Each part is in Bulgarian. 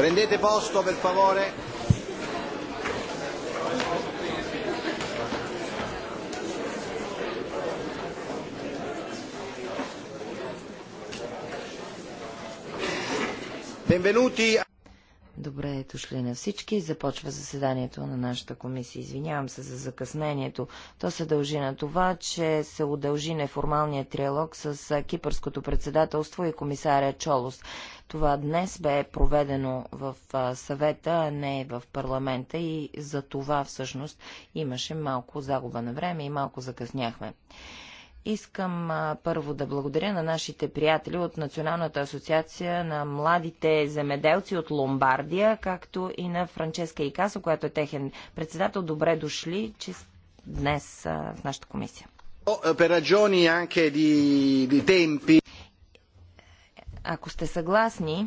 Prendete posto per favore. Benvenuti. Добре дошли на всички. Започва заседанието на нашата комисия. Извинявам се за закъснението. То се дължи на това, че се удължи неформалният триалог с кипърското председателство и комисаря Чолос. Това днес бе проведено в съвета, а не в парламента и за това всъщност имаше малко загуба на време и малко закъсняхме. Искам а, първо да благодаря на нашите приятели от Националната асоциация на младите земеделци от Ломбардия, както и на Франческа Икасо, която е техен председател. Добре дошли, че днес а, в нашата комисия. Per ragioni anche di, di tempi ако сте съгласни,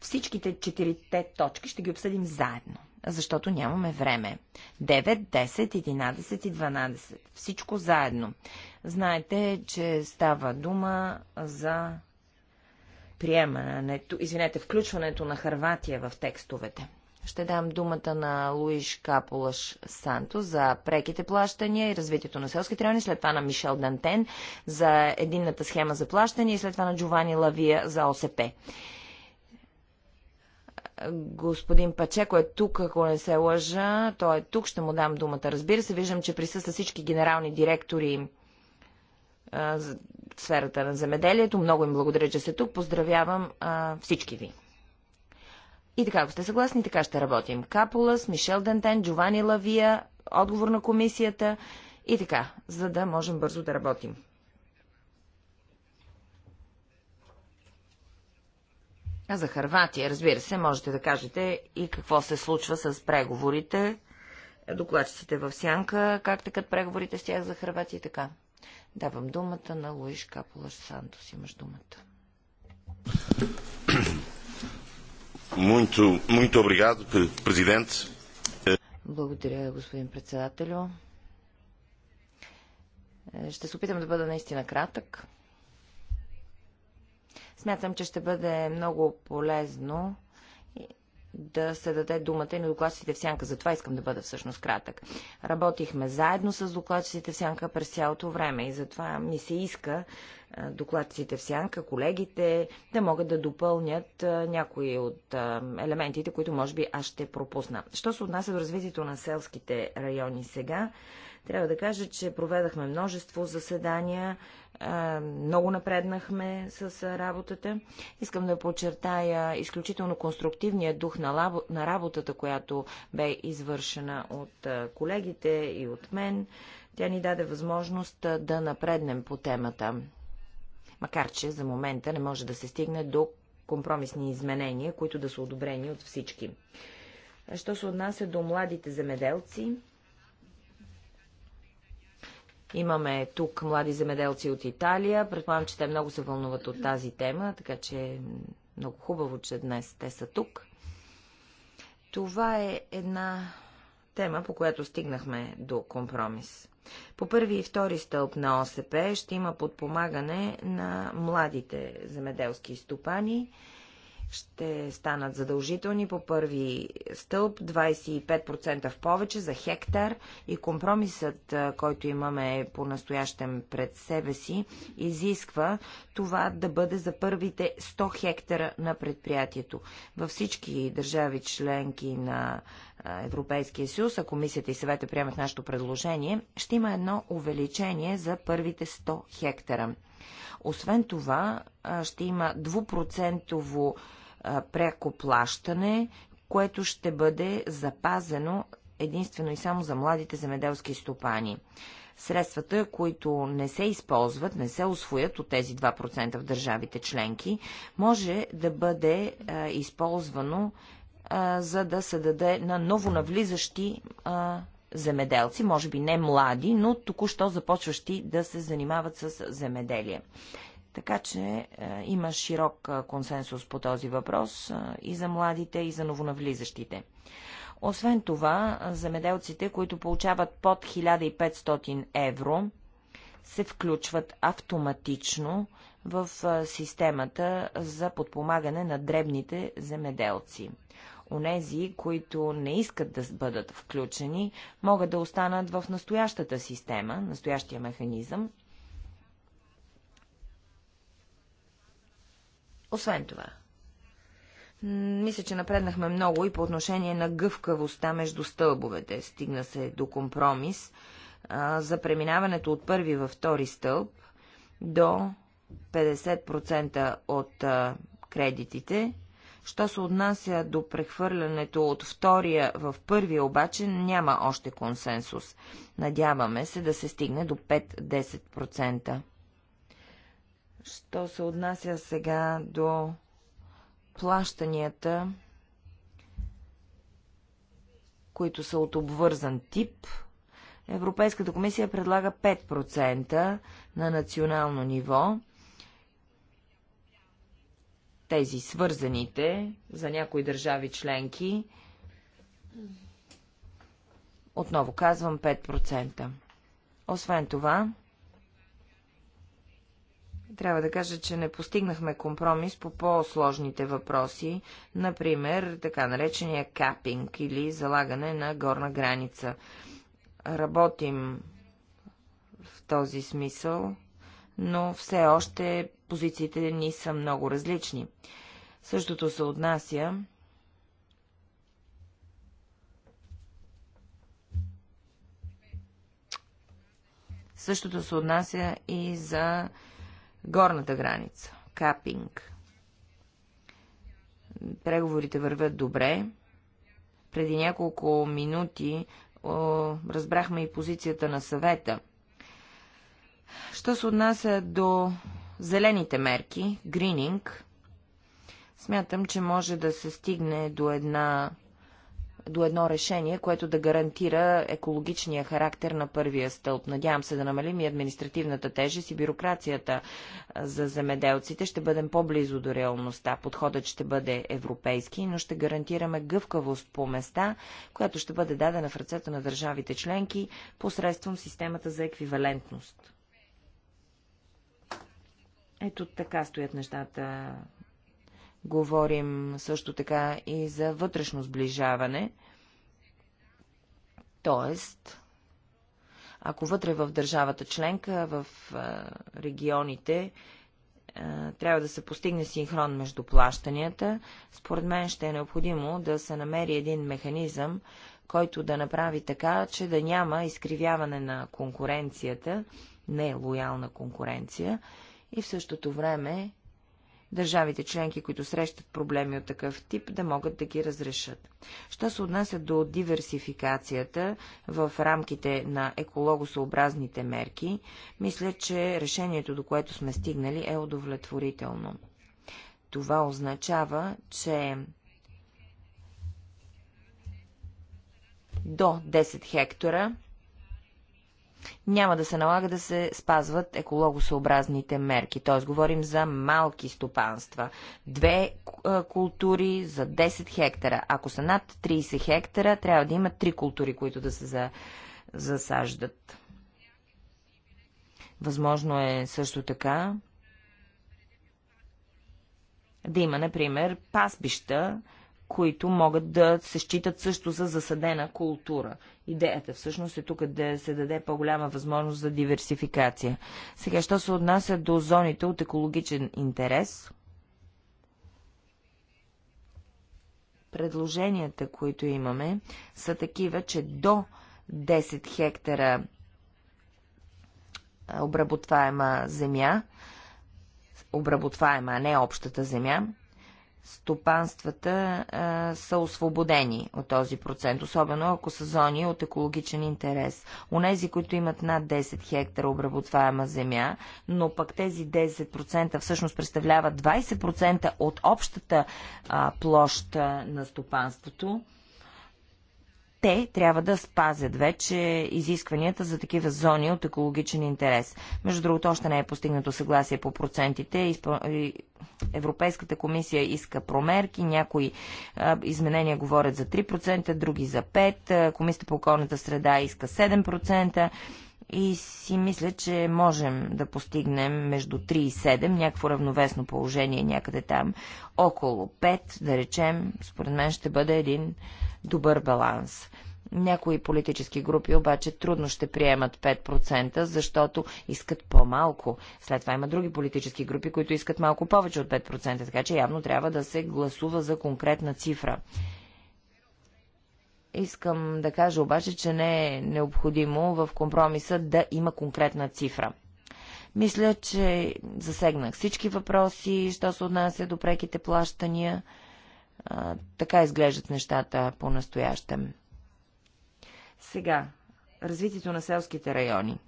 всичките четирите точки ще ги обсъдим заедно, защото нямаме време. 9, 10, 11 и 12. Всичко заедно. Знаете, че става дума за приемането, извинете, включването на Харватия в текстовете. Ще дам думата на Луиш Капулаш Санто за преките плащания и развитието на селските райони, след това на Мишел Дантен за единната схема за плащания и след това на Джовани Лавия за ОСП. Господин Пачеко е тук, ако не се лъжа. Той е тук, ще му дам думата. Разбира се, виждам, че присъства всички генерални директори в сферата на земеделието. Много им благодаря, че сте тук. Поздравявам а, всички ви. И така, ако сте съгласни, така ще работим. Капулас, Мишел Дентен, Джовани Лавия, отговор на комисията и така, за да можем бързо да работим. А за Харватия, разбира се, можете да кажете и какво се случва с преговорите, докладчиците в сянка, как тъкат преговорите с тях за Харватия и така. Давам думата на Луиш Капулаш Сантос. Имаш думата. Muito, muito obrigado, Благодаря, господин председателю. Ще се опитам да бъда наистина кратък. Смятам, че ще бъде много полезно да се даде думата и на докладчиците в сянка. Затова искам да бъда всъщност кратък. Работихме заедно с докладчиците в сянка през цялото време и затова ми се иска докладците в сянка, колегите, да могат да допълнят някои от елементите, които може би аз ще пропусна. Що се отнася до развитието на селските райони сега, трябва да кажа, че проведахме множество заседания, много напреднахме с работата. Искам да подчертая изключително конструктивния дух на работата, която бе извършена от колегите и от мен. Тя ни даде възможност да напреднем по темата макар че за момента не може да се стигне до компромисни изменения, които да са одобрени от всички. Що се отнася до младите земеделци, Имаме тук млади земеделци от Италия. Предполагам, че те много се вълнуват от тази тема, така че е много хубаво, че днес те са тук. Това е една тема, по която стигнахме до компромис. По първи и втори стълб на ОСП ще има подпомагане на младите земеделски стопани ще станат задължителни по първи стълб, 25% в повече за хектар и компромисът, който имаме по-настоящем пред себе си, изисква това да бъде за първите 100 хектара на предприятието. Във всички държави членки на Европейския съюз, а комисията и съвета приемат нашето предложение, ще има едно увеличение за първите 100 хектара. Освен това, ще има двупроцентово преко плащане, което ще бъде запазено единствено и само за младите земеделски стопани. Средствата, които не се използват, не се освоят от тези 2% в държавите членки, може да бъде а, използвано а, за да се даде на ново навлизащи а, земеделци, може би не млади, но току-що започващи да се занимават с земеделие. Така че е, има широк е, консенсус по този въпрос е, и за младите, и за новонавлизащите. Освен това, земеделците, които получават под 1500 евро, се включват автоматично в системата за подпомагане на дребните земеделци. Онези, които не искат да бъдат включени, могат да останат в настоящата система, настоящия механизъм, Освен това, мисля, че напреднахме много и по отношение на гъвкавостта между стълбовете. Стигна се до компромис а, за преминаването от първи във втори стълб до 50% от а, кредитите. Що се отнася до прехвърлянето от втория в първия, обаче няма още консенсус. Надяваме се да се стигне до 5-10%. Що се отнася сега до плащанията, които са от обвързан тип, Европейската комисия предлага 5% на национално ниво. Тези свързаните за някои държави членки. Отново казвам 5%. Освен това, трябва да кажа, че не постигнахме компромис по по-сложните въпроси, например така наречения капинг или залагане на горна граница. Работим в този смисъл, но все още позициите ни са много различни. Същото се отнася Същото се отнася и за Горната граница. Капинг. Преговорите вървят добре. Преди няколко минути о, разбрахме и позицията на съвета. Що се отнася до зелените мерки, грининг, смятам, че може да се стигне до една до едно решение, което да гарантира екологичния характер на първия стълб. Надявам се да намалим и административната тежест и бюрокрацията за земеделците. Ще бъдем по-близо до реалността. Подходът ще бъде европейски, но ще гарантираме гъвкавост по места, която ще бъде дадена в ръцете на държавите членки посредством системата за еквивалентност. Ето така стоят нещата Говорим също така и за вътрешно сближаване. т.е. ако вътре в държавата членка, в регионите, трябва да се постигне синхрон между плащанията, според мен ще е необходимо да се намери един механизъм, който да направи така, че да няма изкривяване на конкуренцията, не лоялна конкуренция, и в същото време държавите членки, които срещат проблеми от такъв тип, да могат да ги разрешат. Що се отнася до диверсификацията в рамките на екологосъобразните мерки, мисля, че решението, до което сме стигнали, е удовлетворително. Това означава, че до 10 хектара няма да се налага да се спазват екологосъобразните мерки. Т.е. говорим за малки стопанства. Две е, култури за 10 хектара. Ако са над 30 хектара, трябва да има три култури, които да се за... засаждат. Възможно е също така да има, например, пасбища, които могат да се считат също за засадена култура. Идеята всъщност е тук да се даде по-голяма възможност за диверсификация. Сега, що се отнася до зоните от екологичен интерес, предложенията, които имаме, са такива, че до 10 хектара обработваема земя, обработваема, а не общата земя, стопанствата а, са освободени от този процент, особено ако са зони от екологичен интерес. Онези, които имат над 10 хектара обработваема земя, но пък тези 10% всъщност представляват 20% от общата а, площ на стопанството, те трябва да спазят вече изискванията за такива зони от екологичен интерес. Между другото, още не е постигнато съгласие по процентите. Европейската комисия иска промерки, някои а, изменения говорят за 3%, други за 5%, комисията по околната среда иска 7%. И си мисля, че можем да постигнем между 3 и 7, някакво равновесно положение някъде там. Около 5, да речем, според мен ще бъде един добър баланс. Някои политически групи обаче трудно ще приемат 5%, защото искат по-малко. След това има други политически групи, които искат малко повече от 5%, така че явно трябва да се гласува за конкретна цифра. Искам да кажа обаче, че не е необходимо в компромиса да има конкретна цифра. Мисля, че засегнах всички въпроси, що се отнася до преките плащания така изглеждат нещата по-настоящем. Сега, развитието на селските райони.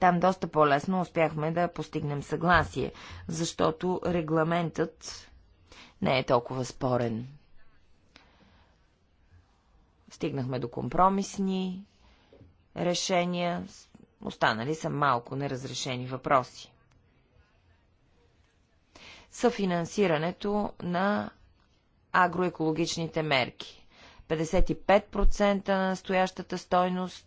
Там доста по-лесно успяхме да постигнем съгласие, защото регламентът не е толкова спорен. Стигнахме до компромисни решения, останали са малко неразрешени въпроси съфинансирането на агроекологичните мерки. 55% на стоящата стойност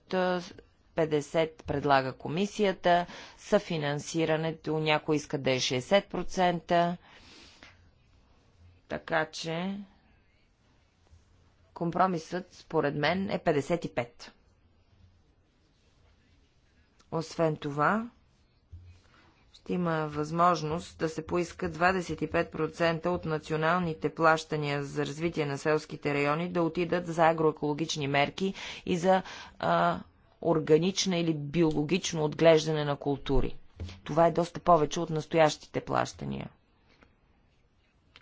50 предлага комисията, съфинансирането някой иска да е 60%, така че компромисът според мен е 55. Освен това, има възможност да се поиска 25% от националните плащания за развитие на селските райони да отидат за агроекологични мерки и за а, органична или биологично отглеждане на култури. Това е доста повече от настоящите плащания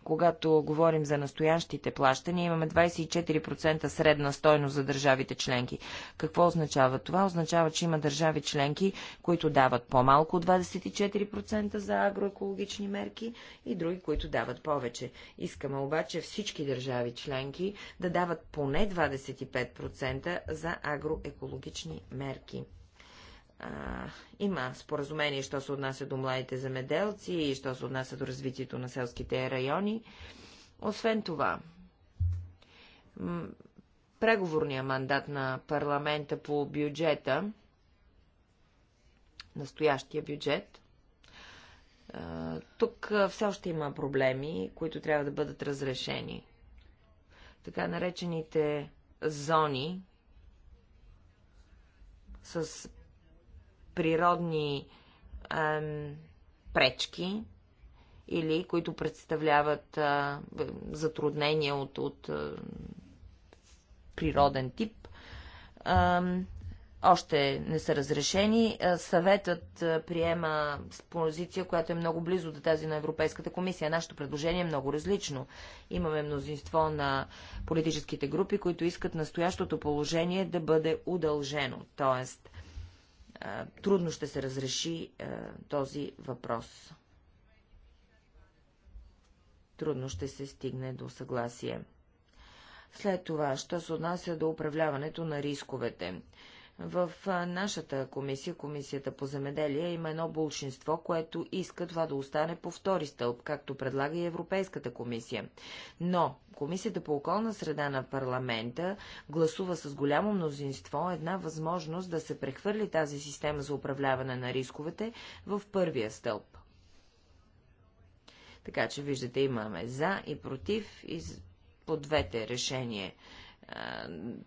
когато говорим за настоящите плащания, имаме 24% средна стойност за държавите членки. Какво означава това? Означава, че има държави членки, които дават по-малко от 24% за агроекологични мерки и други, които дават повече. Искаме обаче всички държави членки да дават поне 25% за агроекологични мерки а, има споразумение, що се отнася до младите земеделци и що се отнася до развитието на селските райони. Освен това, преговорния мандат на парламента по бюджета, настоящия бюджет, тук все още има проблеми, които трябва да бъдат разрешени. Така наречените зони, с природни ем, пречки или които представляват е, затруднения от, от е, природен тип. Ем, още не са разрешени. Съветът приема позиция, която е много близо до тази на Европейската комисия. Нашето предложение е много различно. Имаме мнозинство на политическите групи, които искат настоящото положение да бъде удължено. Тоест, трудно ще се разреши този въпрос. Трудно ще се стигне до съгласие. След това, що се отнася до управляването на рисковете. В нашата комисия, комисията по земеделие, има едно болшинство, което иска това да остане по втори стълб, както предлага и Европейската комисия. Но Комисията по околна среда на парламента гласува с голямо мнозинство една възможност да се прехвърли тази система за управляване на рисковете в първия стълб. Така че, виждате, имаме за и против и по двете решения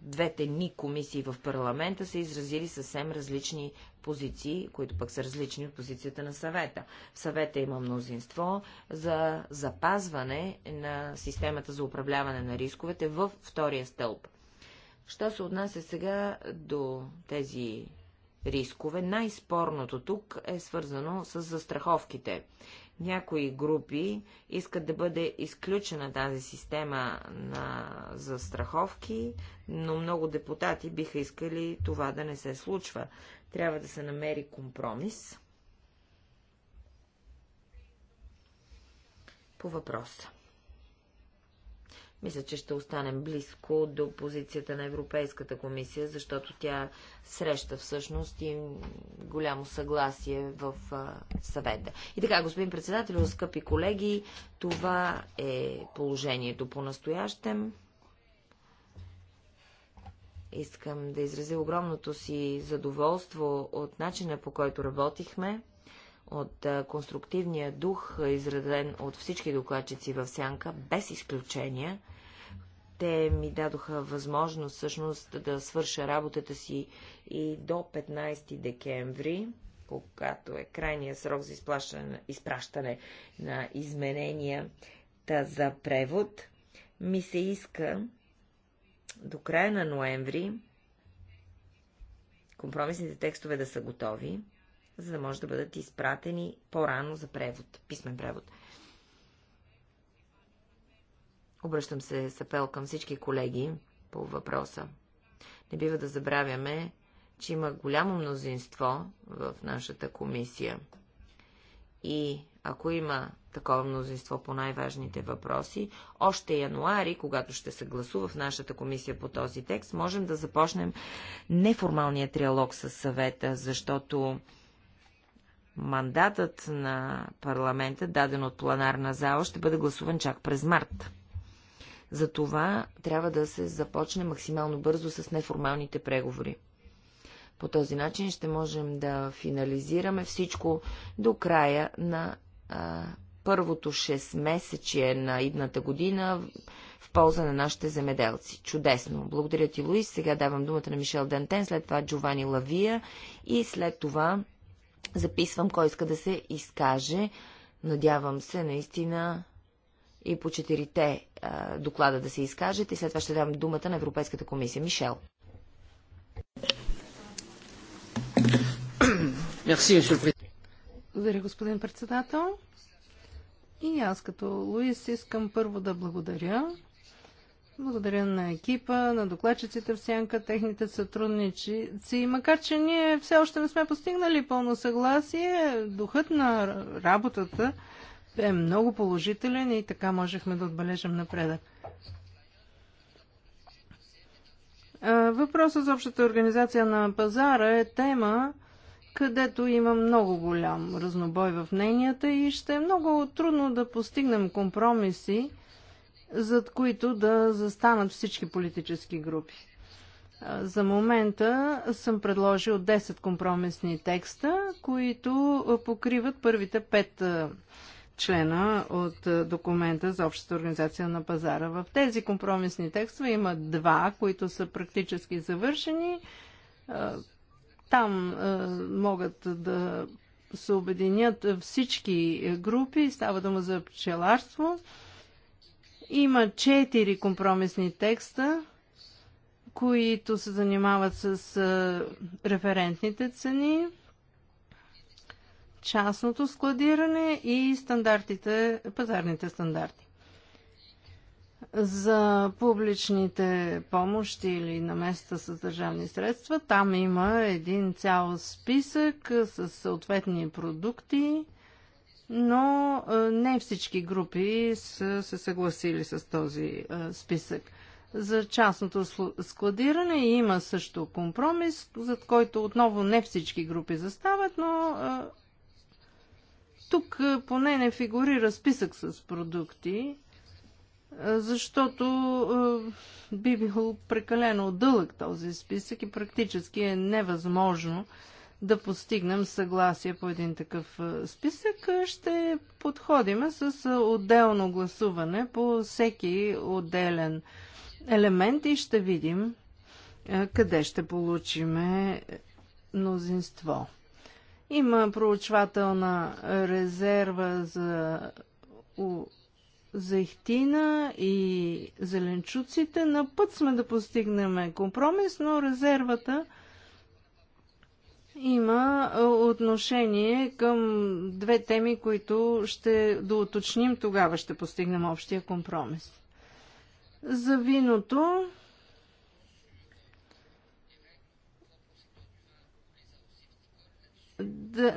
двете ни комисии в парламента са изразили съвсем различни позиции, които пък са различни от позицията на съвета. В съвета има мнозинство за запазване на системата за управляване на рисковете във втория стълб. Що се отнася сега до тези рискове, най-спорното тук е свързано с застраховките. Някои групи искат да бъде изключена тази система на застраховки, но много депутати биха искали това да не се случва. Трябва да се намери компромис по въпроса. Мисля, че ще останем близко до позицията на Европейската комисия, защото тя среща всъщност и голямо съгласие в съвета. И така, господин председател, скъпи колеги, това е положението по-настоящем. Искам да изразя огромното си задоволство от начина по който работихме от конструктивния дух, изреден от всички докладчици в Сянка, без изключения. Те ми дадоха възможност всъщност да свърша работата си и до 15 декември, когато е крайния срок за изпращане на измененията за превод. Ми се иска до края на ноември компромисните текстове да са готови за да може да бъдат изпратени по-рано за превод, писмен превод. Обръщам се с апел към всички колеги по въпроса. Не бива да забравяме, че има голямо мнозинство в нашата комисия. И ако има такова мнозинство по най-важните въпроси, още януари, когато ще се гласува в нашата комисия по този текст, можем да започнем неформалния триалог с съвета, защото Мандатът на парламента, даден от планарна зала, ще бъде гласуван чак през март. Затова трябва да се започне максимално бързо с неформалните преговори. По този начин ще можем да финализираме всичко до края на а, първото 6 месече на идната година в полза на нашите земеделци. Чудесно! Благодаря ти, Луис. Сега давам думата на Мишел Дантен, след това Джовани Лавия и след това Записвам кой иска да се изкаже. Надявам се наистина и по четирите а, доклада да се изкажете и след това ще дам думата на Европейската комисия. Мишел. Благодаря, господин председател. И аз като Луис искам първо да благодаря благодаря на екипа, на докладчиците в Сянка, техните сътрудници. Макар, че ние все още не сме постигнали пълно съгласие, духът на работата е много положителен и така можехме да отбележим напредък. Въпросът за общата организация на пазара е тема, където има много голям разнобой в мненията и ще е много трудно да постигнем компромиси зад които да застанат всички политически групи. За момента съм предложил 10 компромисни текста, които покриват първите 5 члена от документа за общата организация на пазара. В тези компромисни текстове има два, които са практически завършени. Там могат да се обединят всички групи. Става дума за пчеларство има четири компромисни текста, които се занимават с референтните цени, частното складиране и стандартите, пазарните стандарти. За публичните помощи или на места с държавни средства, там има един цял списък с съответни продукти, но е, не всички групи са се съгласили с този е, списък. За частното складиране има също компромис, за който отново не всички групи застават, но е, тук поне не фигурира списък с продукти, защото би бил прекалено дълъг този списък и практически е невъзможно да постигнем съгласие по един такъв списък, ще подходиме с отделно гласуване по всеки отделен елемент и ще видим къде ще получиме мнозинство. Има проучвателна резерва за зехтина и зеленчуците. На път сме да постигнем компромис, но резервата има отношение към две теми, които ще доуточним, тогава ще постигнем общия компромис. За виното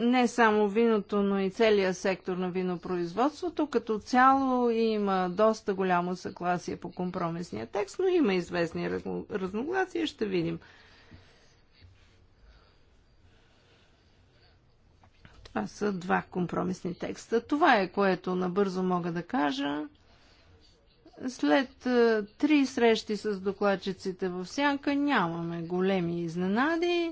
не само виното, но и целият сектор на винопроизводството. Като цяло има доста голямо съгласие по компромисния текст, но има известни разногласия. Ще видим Това са два компромисни текста. Това е което набързо мога да кажа. След е, три срещи с докладчиците в Сянка нямаме големи изненади.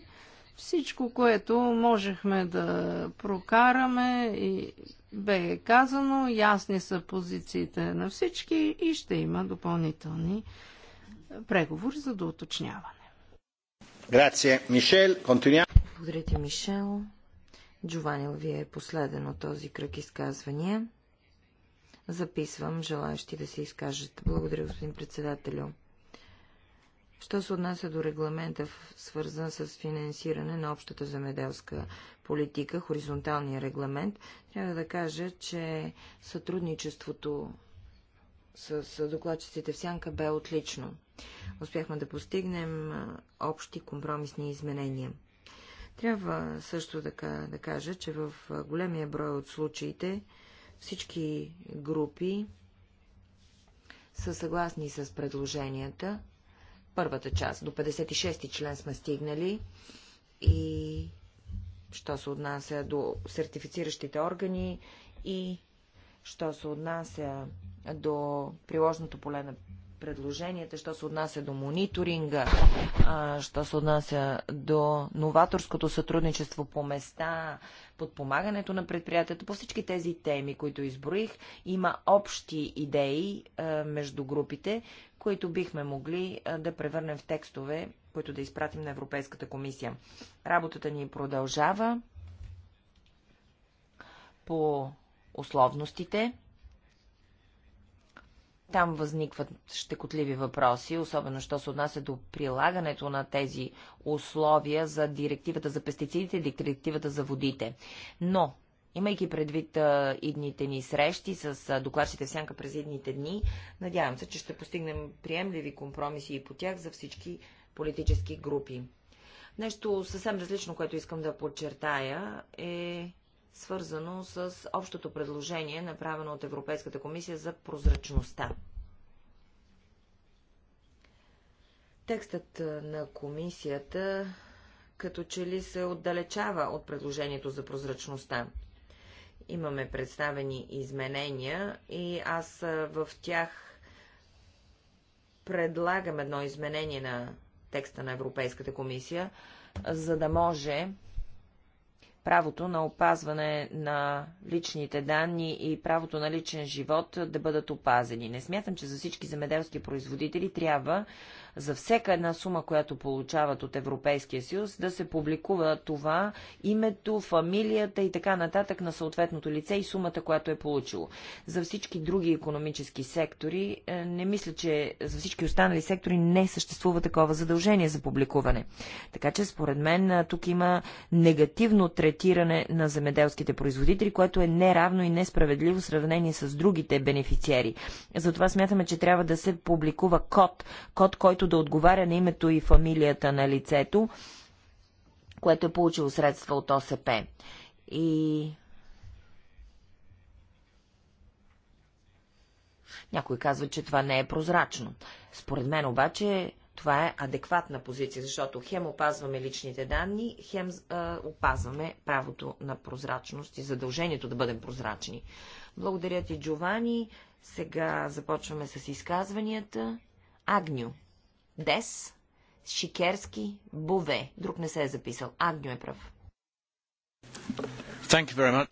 Всичко, което можехме да прокараме и бе казано, ясни са позициите на всички и ще има допълнителни преговори за доуточняване. Грация, Мишел. Благодаря ти, Мишел. Джованил, Лавия е последен от този кръг изказвания. Записвам желаящи да се изкажат. Благодаря, господин председателю. Що се отнася до регламента, свързан с финансиране на общата замеделска политика, хоризонталния регламент, трябва да кажа, че сътрудничеството с докладчиците в Сянка бе отлично. Успяхме да постигнем общи компромисни изменения. Трябва също така да кажа, че в големия брой от случаите всички групи са съгласни с предложенията. Първата част, до 56 ти член сме стигнали и що се отнася до сертифициращите органи и що се отнася до приложното поле на предложенията, що се отнася до мониторинга, а, що се отнася до новаторското сътрудничество по места, подпомагането на предприятието, по всички тези теми, които изброих, има общи идеи а, между групите, които бихме могли а, да превърнем в текстове, които да изпратим на Европейската комисия. Работата ни продължава по условностите. Там възникват щекотливи въпроси, особено що се отнася до прилагането на тези условия за директивата за пестицидите и директивата за водите. Но, имайки предвид а, идните ни срещи с а, докладчите в сянка през идните дни, надявам се, че ще постигнем приемливи компромиси и по тях за всички политически групи. Нещо съвсем различно, което искам да подчертая е свързано с общото предложение, направено от Европейската комисия за прозрачността. Текстът на комисията като че ли се отдалечава от предложението за прозрачността. Имаме представени изменения и аз в тях предлагам едно изменение на текста на Европейската комисия, за да може правото на опазване на личните данни и правото на личен живот да бъдат опазени. Не смятам, че за всички земеделски производители трябва за всяка една сума, която получават от Европейския съюз, да се публикува това, името, фамилията и така нататък на съответното лице и сумата, която е получило. За всички други економически сектори, е, не мисля, че за всички останали сектори не съществува такова задължение за публикуване. Така че, според мен, е, тук има негативно третиране на земеделските производители, което е неравно и несправедливо в сравнение с другите бенефициери. Затова смятаме, че трябва да се публикува код, код, който който да отговаря на името и фамилията на лицето, което е получило средства от ОСП. И Някой казва, че това не е прозрачно. Според мен обаче това е адекватна позиция, защото хем опазваме личните данни, хем е, опазваме правото на прозрачност и задължението да бъдем прозрачни. Благодаря ти, Джовани. Сега започваме с изказванията. Агню. Дес, Шикерски, Бове. Друг не се е записал. Агню е прав. Thank you very much.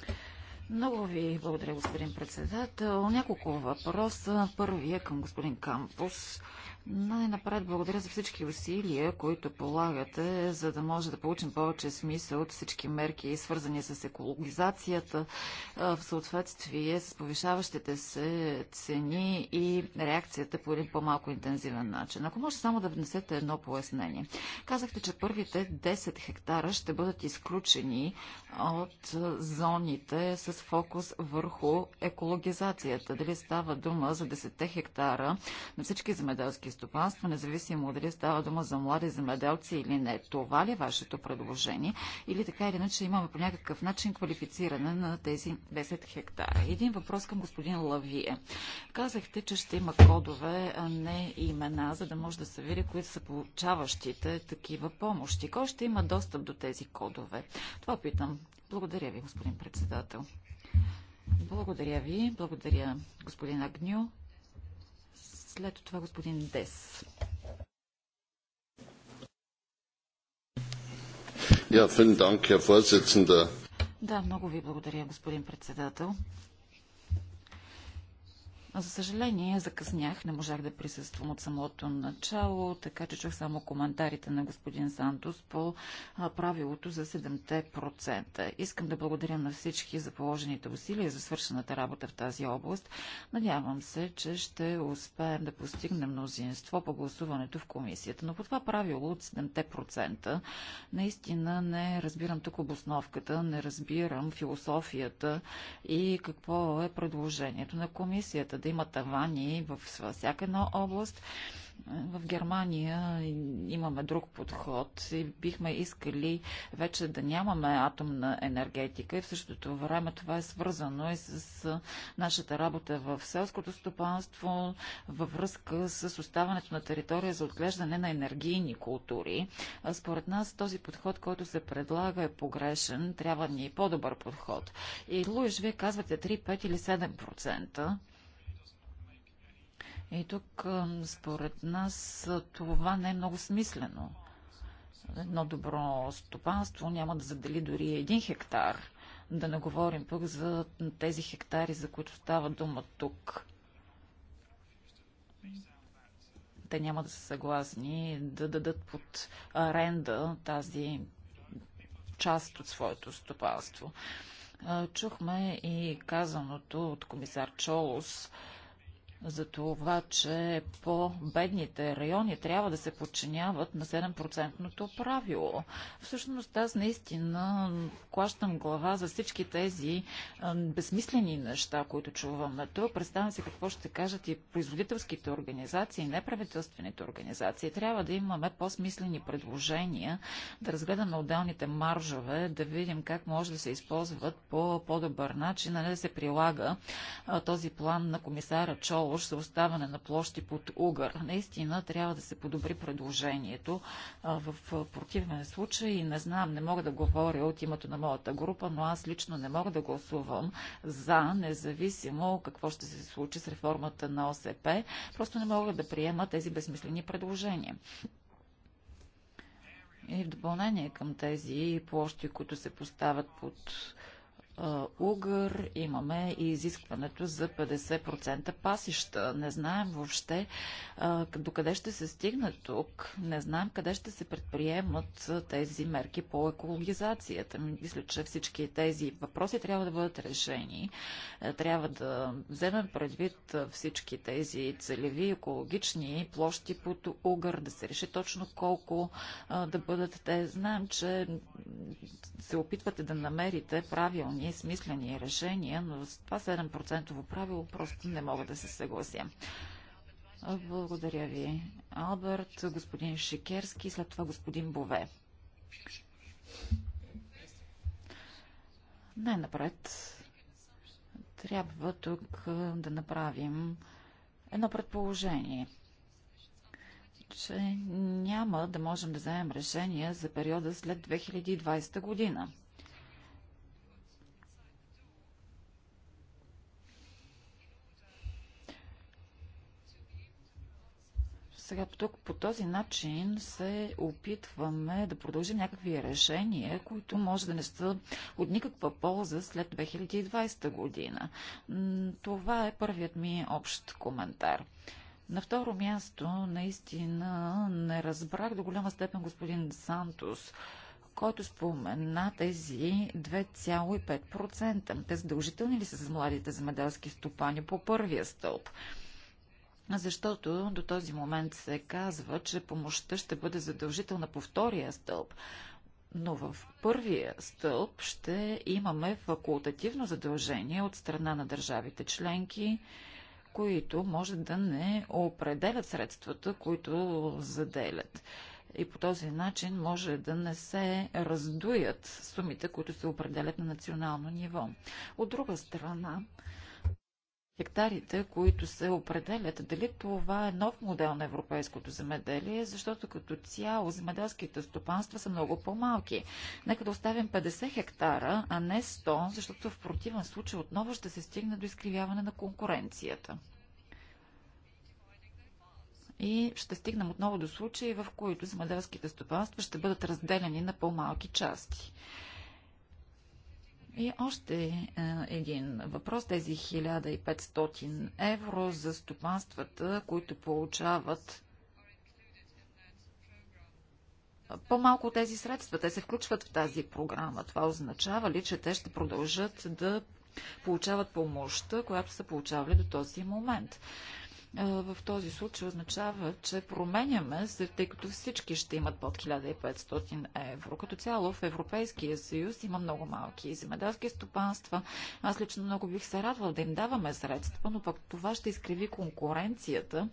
Много ви благодаря, господин председател. Няколко въпроса. Първият към господин Кампус. Най-напред благодаря за всички усилия, които полагате, за да може да получим повече смисъл от всички мерки, свързани с екологизацията, в съответствие с повишаващите се цени и реакцията по един по-малко интензивен начин. Ако може само да внесете едно пояснение. Казахте, че първите 10 хектара ще бъдат изключени от зоните с фокус върху екологизацията. Дали става дума за 10 хектара на всички земеделски стопанства, независимо дали става дума за млади земеделци или не. Това ли е вашето предложение? Или така или иначе имаме по някакъв начин квалифициране на тези 10 хектара? Един въпрос към господин Лавие. Казахте, че ще има кодове, а не имена, за да може да се види кои са получаващите такива помощи. Кой ще има достъп до тези кодове? Това питам благодаря ви, господин председател. Благодаря ви. Благодаря, господин Агню. След това господин Дес. да, много ви благодаря, господин председател. За съжаление, закъснях, не можах да присъствам от самото начало, така че чух само коментарите на господин Сантос по правилото за 7%. Искам да благодаря на всички за положените усилия и за свършената работа в тази област. Надявам се, че ще успеем да постигнем мнозинство по гласуването в комисията. Но по това правило от 7% наистина не разбирам тук обосновката, не разбирам философията и какво е предложението на комисията да има тавани в всяка една област. В Германия имаме друг подход и бихме искали вече да нямаме атомна енергетика и в същото време това е свързано и с нашата работа в селското стопанство във връзка с оставането на територия за отглеждане на енергийни култури. Според нас този подход, който се предлага е погрешен. Трябва ни и е по-добър подход. И Луиш, вие казвате 3, 5 или 7 процента. И тук, според нас, това не е много смислено. Едно добро стопанство няма да задели дори един хектар. Да не говорим пък за тези хектари, за които става дума тук. Те няма да са съгласни да дадат под аренда тази част от своето стопанство. Чухме и казаното от комисар Чолос, за това, че по-бедните райони трябва да се подчиняват на 7 правило. Всъщност аз наистина клащам глава за всички тези безмислени безсмислени неща, които чуваме тук. Представям си какво ще кажат и производителските организации, и неправителствените организации. Трябва да имаме по-смислени предложения, да разгледаме отделните маржове, да видим как може да се използват по по-добър начин, а не да се прилага този план на комисара Чол Полш за оставане на площи под угър. Наистина трябва да се подобри предложението. В противен случай, не знам, не мога да говоря от името на моята група, но аз лично не мога да гласувам за, независимо какво ще се случи с реформата на ОСП. Просто не мога да приема тези безмислени предложения. И в допълнение към тези площи, които се поставят под угър, имаме и изискването за 50% пасища. Не знаем въобще до къде ще се стигне тук. Не знаем къде ще се предприемат тези мерки по екологизацията. Мисля, че всички тези въпроси трябва да бъдат решени. Е, трябва да вземем предвид всички тези целеви екологични площи под угър, да се реши точно колко да бъдат те. Знаем, че се опитвате да намерите правилни едни смислени решения, но с това 7% правило просто не мога да се съглася. Благодаря ви, Алберт, господин Шикерски, след това господин Бове. Най-напред трябва тук да направим едно предположение, че няма да можем да вземем решение за периода след 2020 година. Сега тук по този начин се опитваме да продължим някакви решения, които може да не са от никаква полза след 2020 година. Това е първият ми общ коментар. На второ място, наистина не разбрах до голяма степен господин Сантос, който спомена тези 2,5%. Те задължителни ли са за младите земеделски стопани по първия стълб? Защото до този момент се казва, че помощта ще бъде задължителна по втория стълб, но в първия стълб ще имаме факултативно задължение от страна на държавите членки, които може да не определят средствата, които заделят. И по този начин може да не се раздуят сумите, които се определят на национално ниво. От друга страна, хектарите, които се определят. Дали това е нов модел на европейското земеделие, защото като цяло земеделските стопанства са много по-малки. Нека да оставим 50 хектара, а не 100, защото в противен случай отново ще се стигне до изкривяване на конкуренцията. И ще стигнем отново до случаи, в които земеделските стопанства ще бъдат разделени на по-малки части. И още е, един въпрос. Тези 1500 евро за стопанствата, които получават по-малко тези средства. Те се включват в тази програма. Това означава ли, че те ще продължат да получават помощта, която са получавали до този момент? в този случай означава, че променяме, тъй като всички ще имат под 1500 евро. Като цяло в Европейския съюз има много малки земеделски стопанства. Аз лично много бих се радвал да им даваме средства, но пък това ще изкриви конкуренцията,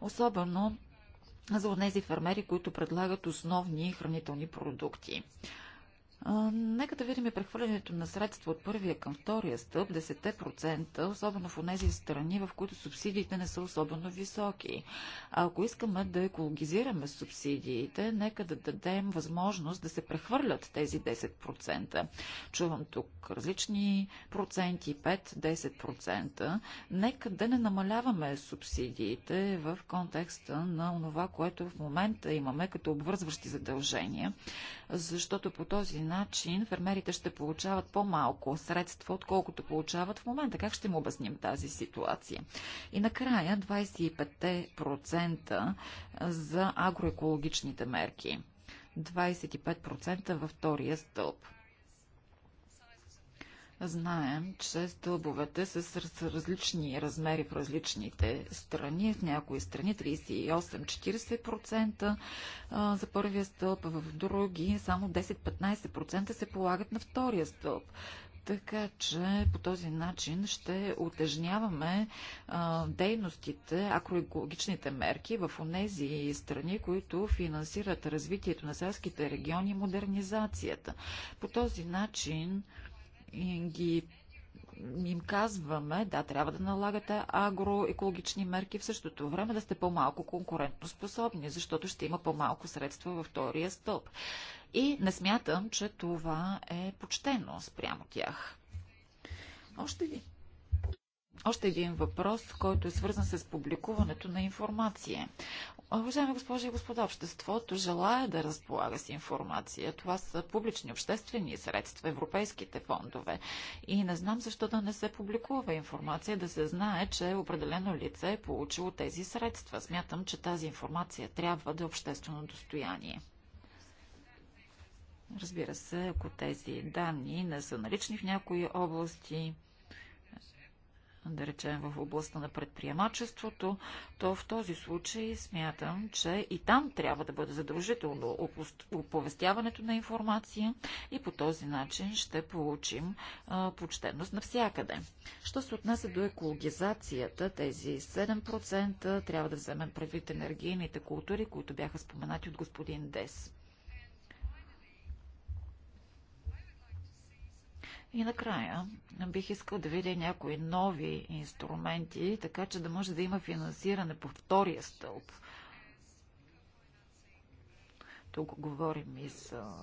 особено за тези фермери, които предлагат основни хранителни продукти нека да видим и прехвърлянето на средства от първия към втория стъп, 10%, особено в тези страни, в които субсидиите не са особено високи. А ако искаме да екологизираме субсидиите, нека да дадем възможност да се прехвърлят тези 10%. Чувам тук различни проценти, 5-10%. Нека да не намаляваме субсидиите в контекста на това, което в момента имаме като обвързващи задължения, защото по този начин начин фермерите ще получават по-малко средства, отколкото получават в момента. Как ще му обясним тази ситуация? И накрая 25% за агроекологичните мерки. 25% във втория стълб. Знаем, че стълбовете са с различни размери в различните страни. В някои страни 38-40% за първия стълб, в други само 10-15% се полагат на втория стълб. Така че по този начин ще отежняваме а, дейностите, акроекологичните мерки в онези страни, които финансират развитието на селските региони и модернизацията. По този начин ги им казваме, да, трябва да налагате агроекологични мерки в същото време да сте по-малко конкурентно способни, защото ще има по-малко средства във втория стълб. И не смятам, че това е почтено спрямо тях. Още още един въпрос, който е свързан с публикуването на информация. Уважаеми госпожи и господа, обществото желая да разполага с информация. Това са публични, обществени средства, европейските фондове. И не знам защо да не се публикува информация, да се знае, че определено лице е получило тези средства. Смятам, че тази информация трябва да е обществено достояние. Разбира се, ако тези данни не са налични в някои области, да речем в областта на предприемачеството, то в този случай смятам, че и там трябва да бъде задължително оповестяването на информация и по този начин ще получим а, почтеност навсякъде. Що се отнася до екологизацията, тези 7% трябва да вземем предвид енергийните култури, които бяха споменати от господин Дес. И накрая бих искал да видя някои нови инструменти, така че да може да има финансиране по втория стълб. Тук говорим и за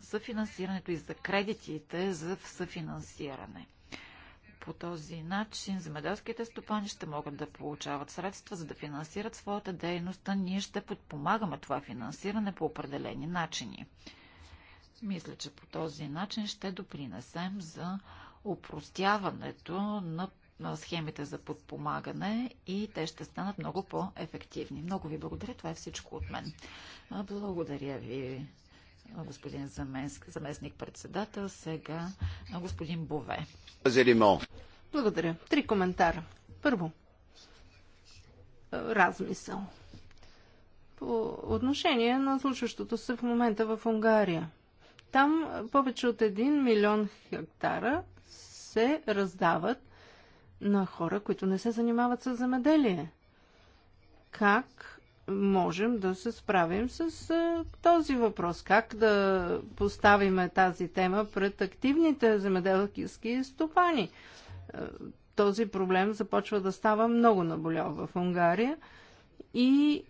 съфинансирането и за кредитите за съфинансиране. По този начин земеделските стопани ще могат да получават средства, за да финансират своята дейност, а ние ще подпомагаме това финансиране по определени начини. Мисля, че по този начин ще допринесем за упростяването на схемите за подпомагане и те ще станат много по-ефективни. Много ви благодаря. Това е всичко от мен. Благодаря ви, господин заместник председател. Сега господин Бове. Благодаря. Три коментара. Първо, размисъл. По отношение на случващото се в момента в Унгария. Там повече от 1 милион хектара се раздават на хора, които не се занимават с земеделие. Как можем да се справим с а, този въпрос? Как да поставиме тази тема пред активните земеделски стопани? Този проблем започва да става много наболял в Унгария и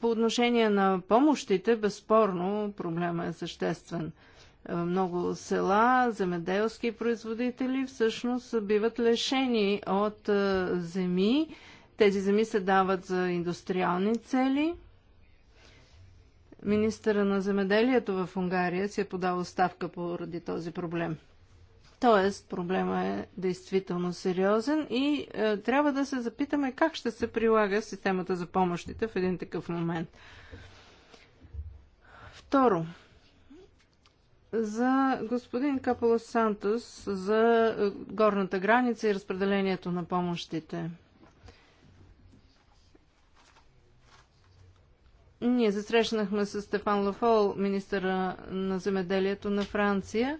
по отношение на помощите, безспорно проблема е съществен. Е, много села, земеделски производители всъщност биват лишени от е, земи. Тези земи се дават за индустриални цели. Министъра на земеделието в Унгария си е подал оставка поради този проблем. Тоест, проблема е действително сериозен и е, трябва да се запитаме как ще се прилага системата за помощите в един такъв момент. Второ, за господин Капало Сантос, за е, горната граница и разпределението на помощите. Ние се срещнахме с Стефан Лафол, министъра на земеделието на Франция,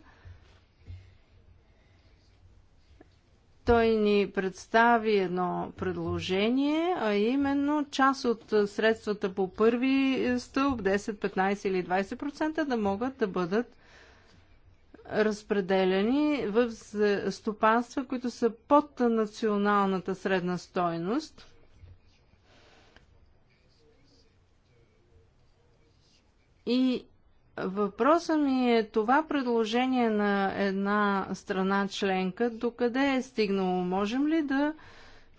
Той ни представи едно предложение, а именно част от средствата по първи стълб, 10, 15 или 20% да могат да бъдат разпределени в стопанства, които са под националната средна стойност. И Въпросът ми е това предложение на една страна членка, докъде е стигнало? Можем ли да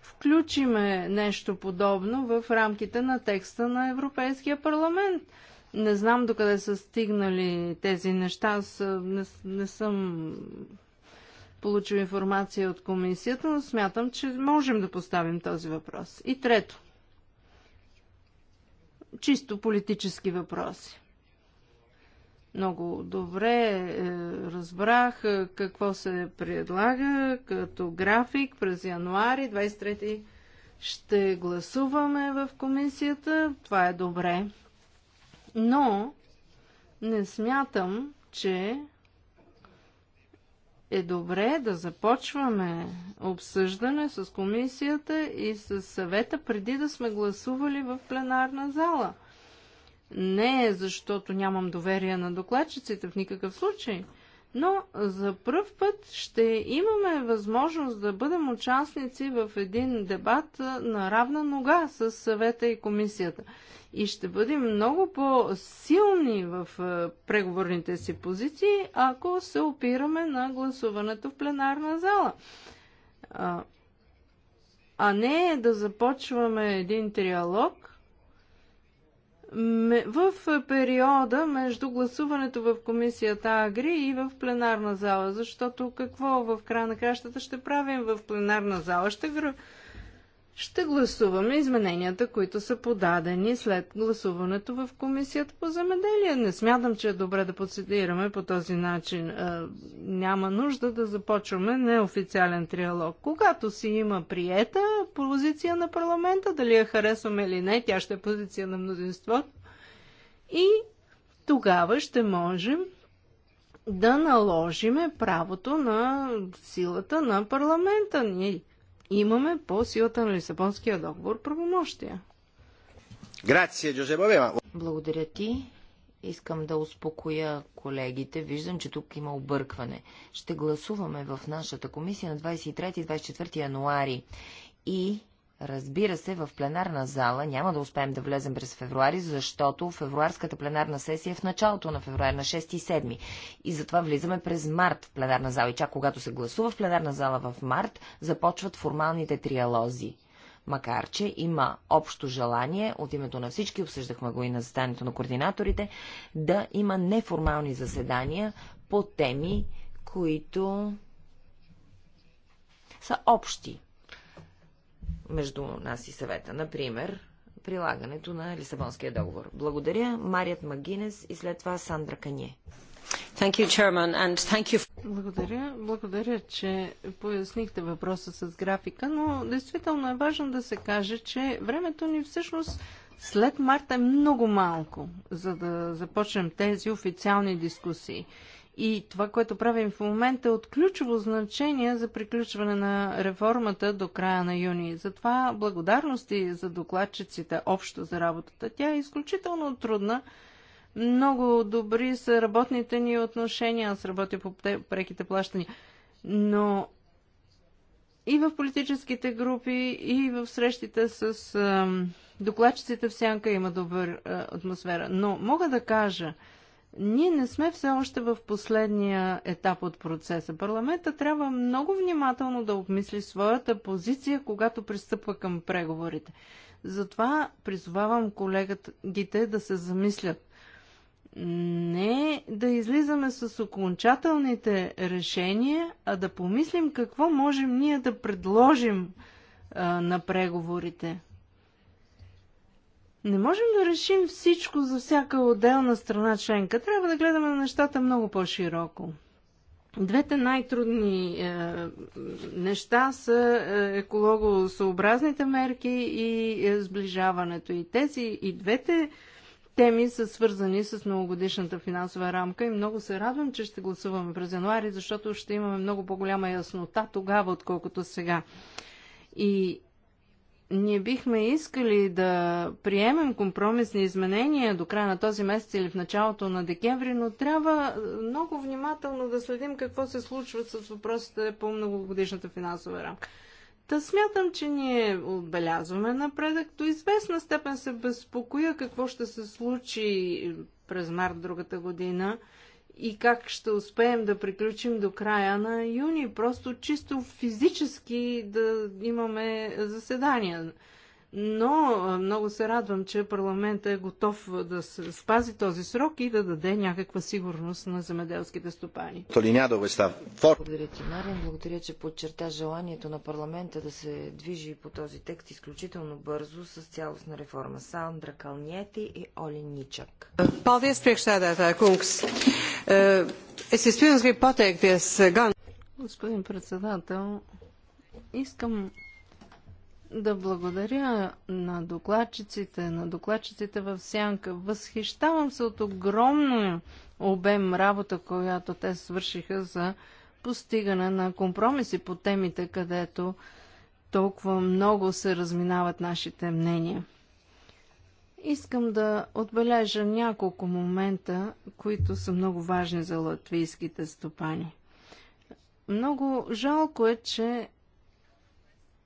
включиме нещо подобно в рамките на текста на Европейския парламент? Не знам докъде са стигнали тези неща. Аз не, не съм получил информация от комисията, но смятам, че можем да поставим този въпрос. И трето. Чисто политически въпроси много добре е, разбрах е, какво се предлага като график през януари 23 ще гласуваме в комисията. Това е добре. Но не смятам, че е добре да започваме обсъждане с комисията и с съвета преди да сме гласували в пленарна зала – не е, защото нямам доверие на докладчиците в никакъв случай, но за пръв път ще имаме възможност да бъдем участници в един дебат на равна нога с съвета и комисията. И ще бъдем много по-силни в преговорните си позиции, ако се опираме на гласуването в пленарна зала. А, а не е да започваме един триалог, в периода между гласуването в комисията Агри и в пленарна зала. Защото какво в края на кращата ще правим в пленарна зала? Ще ще гласуваме измененията, които са подадени след гласуването в Комисията по земеделие. Не смятам, че е добре да подсетираме по този начин. Е, няма нужда да започваме неофициален триалог. Когато си има приета позиция на парламента, дали я харесваме или не, тя ще е позиция на мнозинството. И тогава ще можем да наложиме правото на силата на парламента. Ние имаме по силата на Лисабонския договор правомощия. Грация, Джозеп Благодаря ти. Искам да успокоя колегите. Виждам, че тук има объркване. Ще гласуваме в нашата комисия на 23-24 януари. И Разбира се, в пленарна зала няма да успеем да влезем през февруари, защото февруарската пленарна сесия е в началото на февруари, на 6 и 7. И затова влизаме през март в пленарна зала. И чак когато се гласува в пленарна зала в март, започват формалните триалози. Макар, че има общо желание, от името на всички, обсъждахме го и на заседанието на координаторите, да има неформални заседания по теми, които са общи между нас и съвета. Например, прилагането на Лисабонския договор. Благодаря. Марият Магинес и след това Сандра Кане. You... Благодаря. Благодаря, че пояснихте въпроса с графика, но действително е важно да се каже, че времето ни всъщност след марта е много малко, за да започнем тези официални дискусии. И това, което правим в момента е от ключово значение за приключване на реформата до края на юни. Затова благодарности за докладчиците общо за работата. Тя е изключително трудна. Много добри са работните ни отношения. Аз работя по преките плащания. Но и в политическите групи, и в срещите с докладчиците в сянка има добър атмосфера. Но мога да кажа, ние не сме все още в последния етап от процеса. Парламента трябва много внимателно да обмисли своята позиция, когато пристъпва към преговорите. Затова призовавам колегите да се замислят. Не да излизаме с окончателните решения, а да помислим какво можем ние да предложим а, на преговорите. Не можем да решим всичко за всяка отделна страна членка. Трябва да гледаме на нещата много по-широко. Двете най-трудни е, неща са е, екологосъобразните мерки и е, сближаването. И тези и двете теми са свързани с многогодишната финансова рамка и много се радвам, че ще гласуваме през януари, защото ще имаме много по-голяма яснота тогава, отколкото сега. И ние бихме искали да приемем компромисни изменения до края на този месец или в началото на декември, но трябва много внимателно да следим какво се случва с въпросите по многогодишната финансова рамка. Та смятам, че ние отбелязваме напредък. До известна степен се безпокоя какво ще се случи през март другата година – и как ще успеем да приключим до края на юни. Просто чисто физически да имаме заседания но много се радвам, че парламентът е готов да спази този срок и да даде някаква сигурност на земеделските стопани. Благодаря ти, Марин. Благодаря, че подчерта желанието на парламента да се движи по този текст изключително бързо с цялостна реформа. Сандра Калниети и Оли Ничак. Е, Господин председател, искам да благодаря на докладчиците, на докладчиците в Сянка. Възхищавам се от огромния обем работа, която те свършиха за постигане на компромиси по темите, където толкова много се разминават нашите мнения. Искам да отбележа няколко момента, които са много важни за латвийските стопани. Много жалко е, че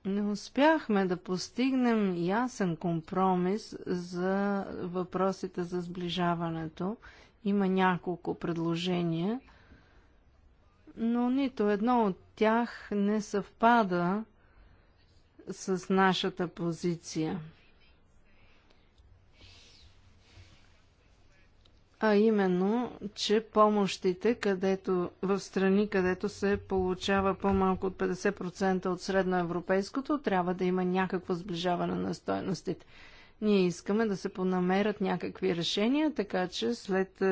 не успяхме да постигнем ясен компромис за въпросите за сближаването. Има няколко предложения, но нито едно от тях не съвпада с нашата позиция. а именно, че помощите където, в страни, където се получава по-малко от 50% от средноевропейското, трябва да има някакво сближаване на стоеностите. Ние искаме да се понамерят някакви решения, така че след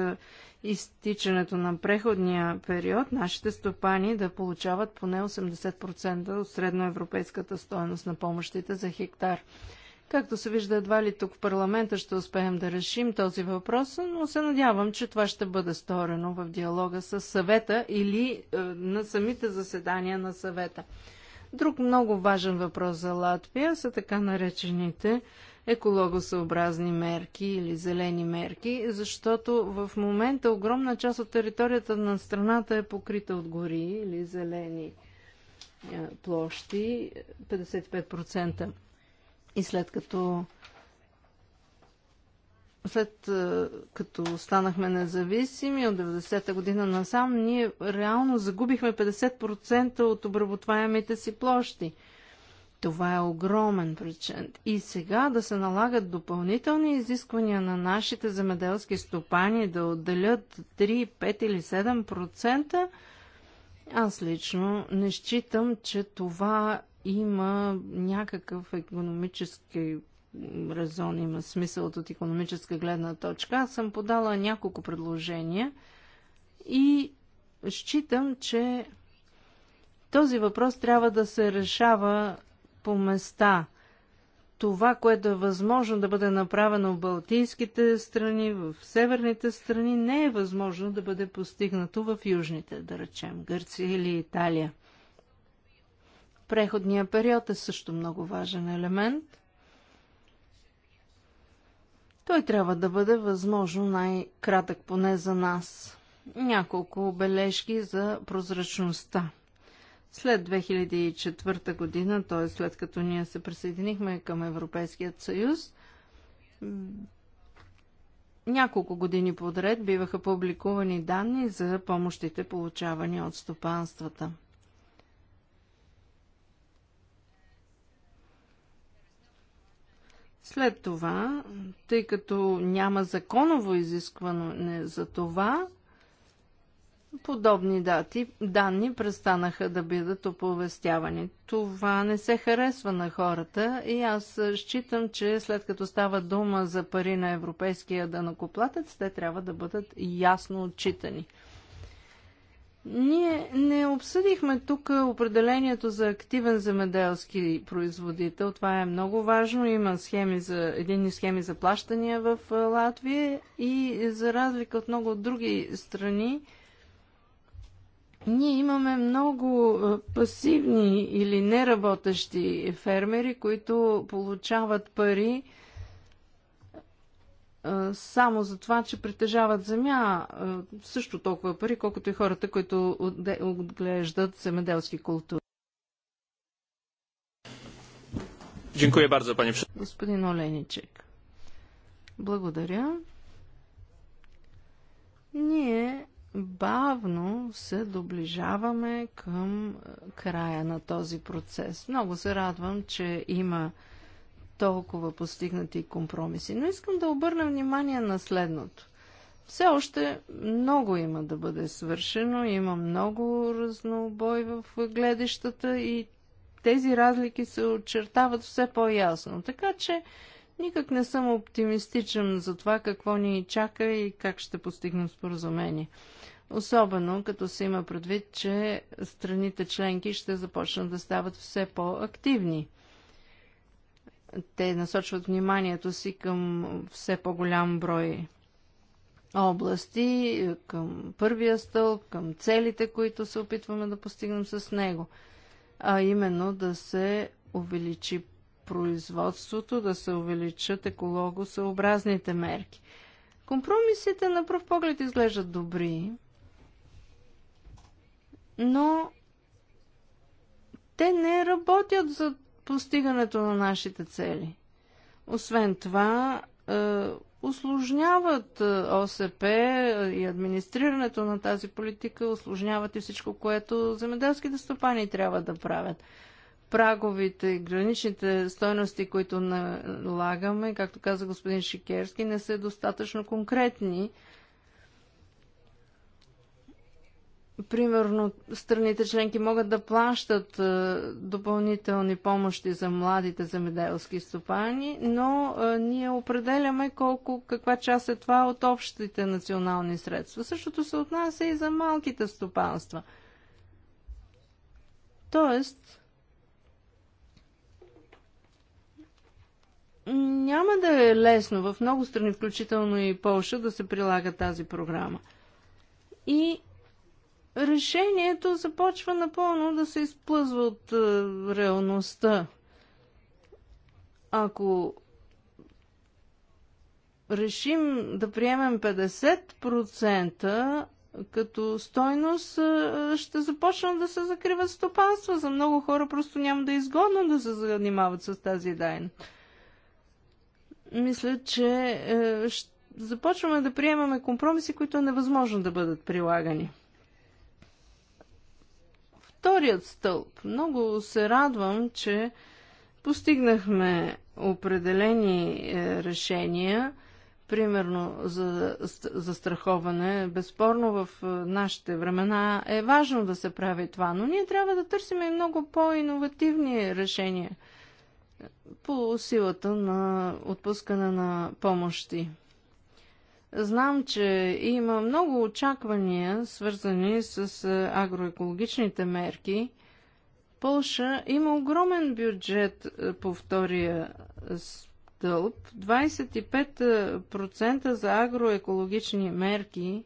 изтичането на преходния период, нашите стопани да получават поне 80% от средноевропейската стоеност на помощите за хектар. Както се вижда, едва ли тук в парламента ще успеем да решим този въпрос, но се надявам, че това ще бъде сторено в диалога с съвета или е, на самите заседания на съвета. Друг много важен въпрос за Латвия са така наречените екологосъобразни мерки или зелени мерки, защото в момента огромна част от територията на страната е покрита от гори или зелени е, площи, 55% и след като след е, като станахме независими от 90-та година насам, ние реално загубихме 50% от обработваемите си площи. Това е огромен причин. И сега да се налагат допълнителни изисквания на нашите земеделски стопани да отделят 3, 5 или 7%, аз лично не считам, че това има някакъв економически резон, има смисъл от економическа гледна точка. Аз съм подала няколко предложения и считам, че този въпрос трябва да се решава по места. Това, което е възможно да бъде направено в Балтийските страни, в северните страни, не е възможно да бъде постигнато в южните, да речем, Гърция или Италия. Преходният период е също много важен елемент. Той трябва да бъде възможно най-кратък поне за нас. Няколко бележки за прозрачността. След 2004 година, т.е. след като ние се присъединихме към Европейският съюз, няколко години подред биваха публикувани данни за помощите, получавани от стопанствата – След това, тъй като няма законово изискване за това, подобни дати, данни престанаха да бъдат оповестявани. Това не се харесва на хората и аз считам, че след като става дума за пари на европейския данокоплатец, те трябва да бъдат ясно отчитани. Ние не обсъдихме тук определението за активен земеделски производител. Това е много важно. Има схеми за, едини схеми за плащания в Латвия и за разлика от много други страни, ние имаме много пасивни или неработещи фермери, които получават пари е, само за това, че притежават земя е, също толкова пари, колкото и хората, които отглеждат земеделски култури. Dziękuję bardzo, panie Господин Оленичек. Благодаря. Ние бавно се доближаваме към е, края на този процес. Много се радвам, че има толкова постигнати компромиси. Но искам да обърна внимание на следното. Все още много има да бъде свършено, има много разнобой в гледащата и тези разлики се очертават все по-ясно. Така че никак не съм оптимистичен за това какво ни чака и как ще постигнем споразумение. Особено като се има предвид, че страните членки ще започнат да стават все по-активни. Те насочват вниманието си към все по-голям брой области, към първия стълб, към целите, които се опитваме да постигнем с него. А именно да се увеличи производството, да се увеличат екологосъобразните мерки. Компромисите на пръв поглед изглеждат добри, но те не работят за постигането на нашите цели. Освен това, осложняват е, е, ОСП е, и администрирането на тази политика, осложняват и всичко, което земеделските стопани трябва да правят. Праговите, граничните стойности, които налагаме, както каза господин Шикерски, не са достатъчно конкретни Примерно, страните членки могат да плащат е, допълнителни помощи за младите земеделски стопани, но е, ние определяме колко, каква част е това от общите национални средства. Същото се отнася и за малките стопанства. Тоест, няма да е лесно в много страни, включително и Полша, да се прилага тази програма. И решението започва напълно да се изплъзва от е, реалността. Ако решим да приемем 50% като стойност, е, ще започнат да се закриват стопанства. За много хора просто няма да е изгодно да се занимават с тази дайн. Мисля, че е, започваме да приемаме компромиси, които е невъзможно да бъдат прилагани вторият стълб. Много се радвам, че постигнахме определени е, решения, примерно за застраховане. Безспорно в е, нашите времена е важно да се прави това, но ние трябва да търсим и много по-инновативни решения по силата на отпускане на помощи. Знам, че има много очаквания, свързани с е, агроекологичните мерки. Полша има огромен бюджет е, по втория стълб. 25% за агроекологични мерки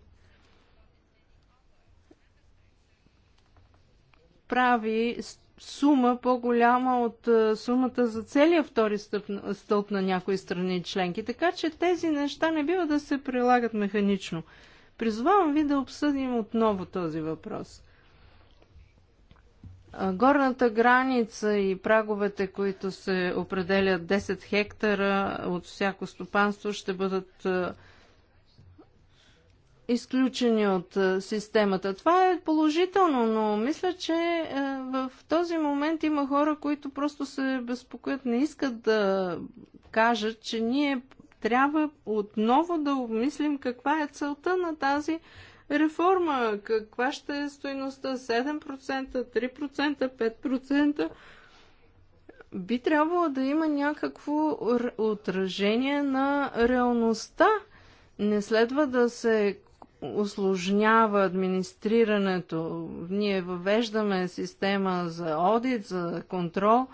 прави сума по-голяма от е, сумата за целия втори стъп, стълб на някои страни членки. Така че тези неща не бива да се прилагат механично. Призвавам ви да обсъдим отново този въпрос. Горната граница и праговете, които се определят 10 хектара от всяко стопанство, ще бъдат е, изключени от системата. Това е положително, но мисля, че в този момент има хора, които просто се безпокоят, не искат да кажат, че ние трябва отново да обмислим каква е целта на тази реформа, каква ще е стоеността 7%, 3%, 5%. Би трябвало да има някакво отражение на реалността. Не следва да се осложнява администрирането. Ние въвеждаме система за одит, за контрол.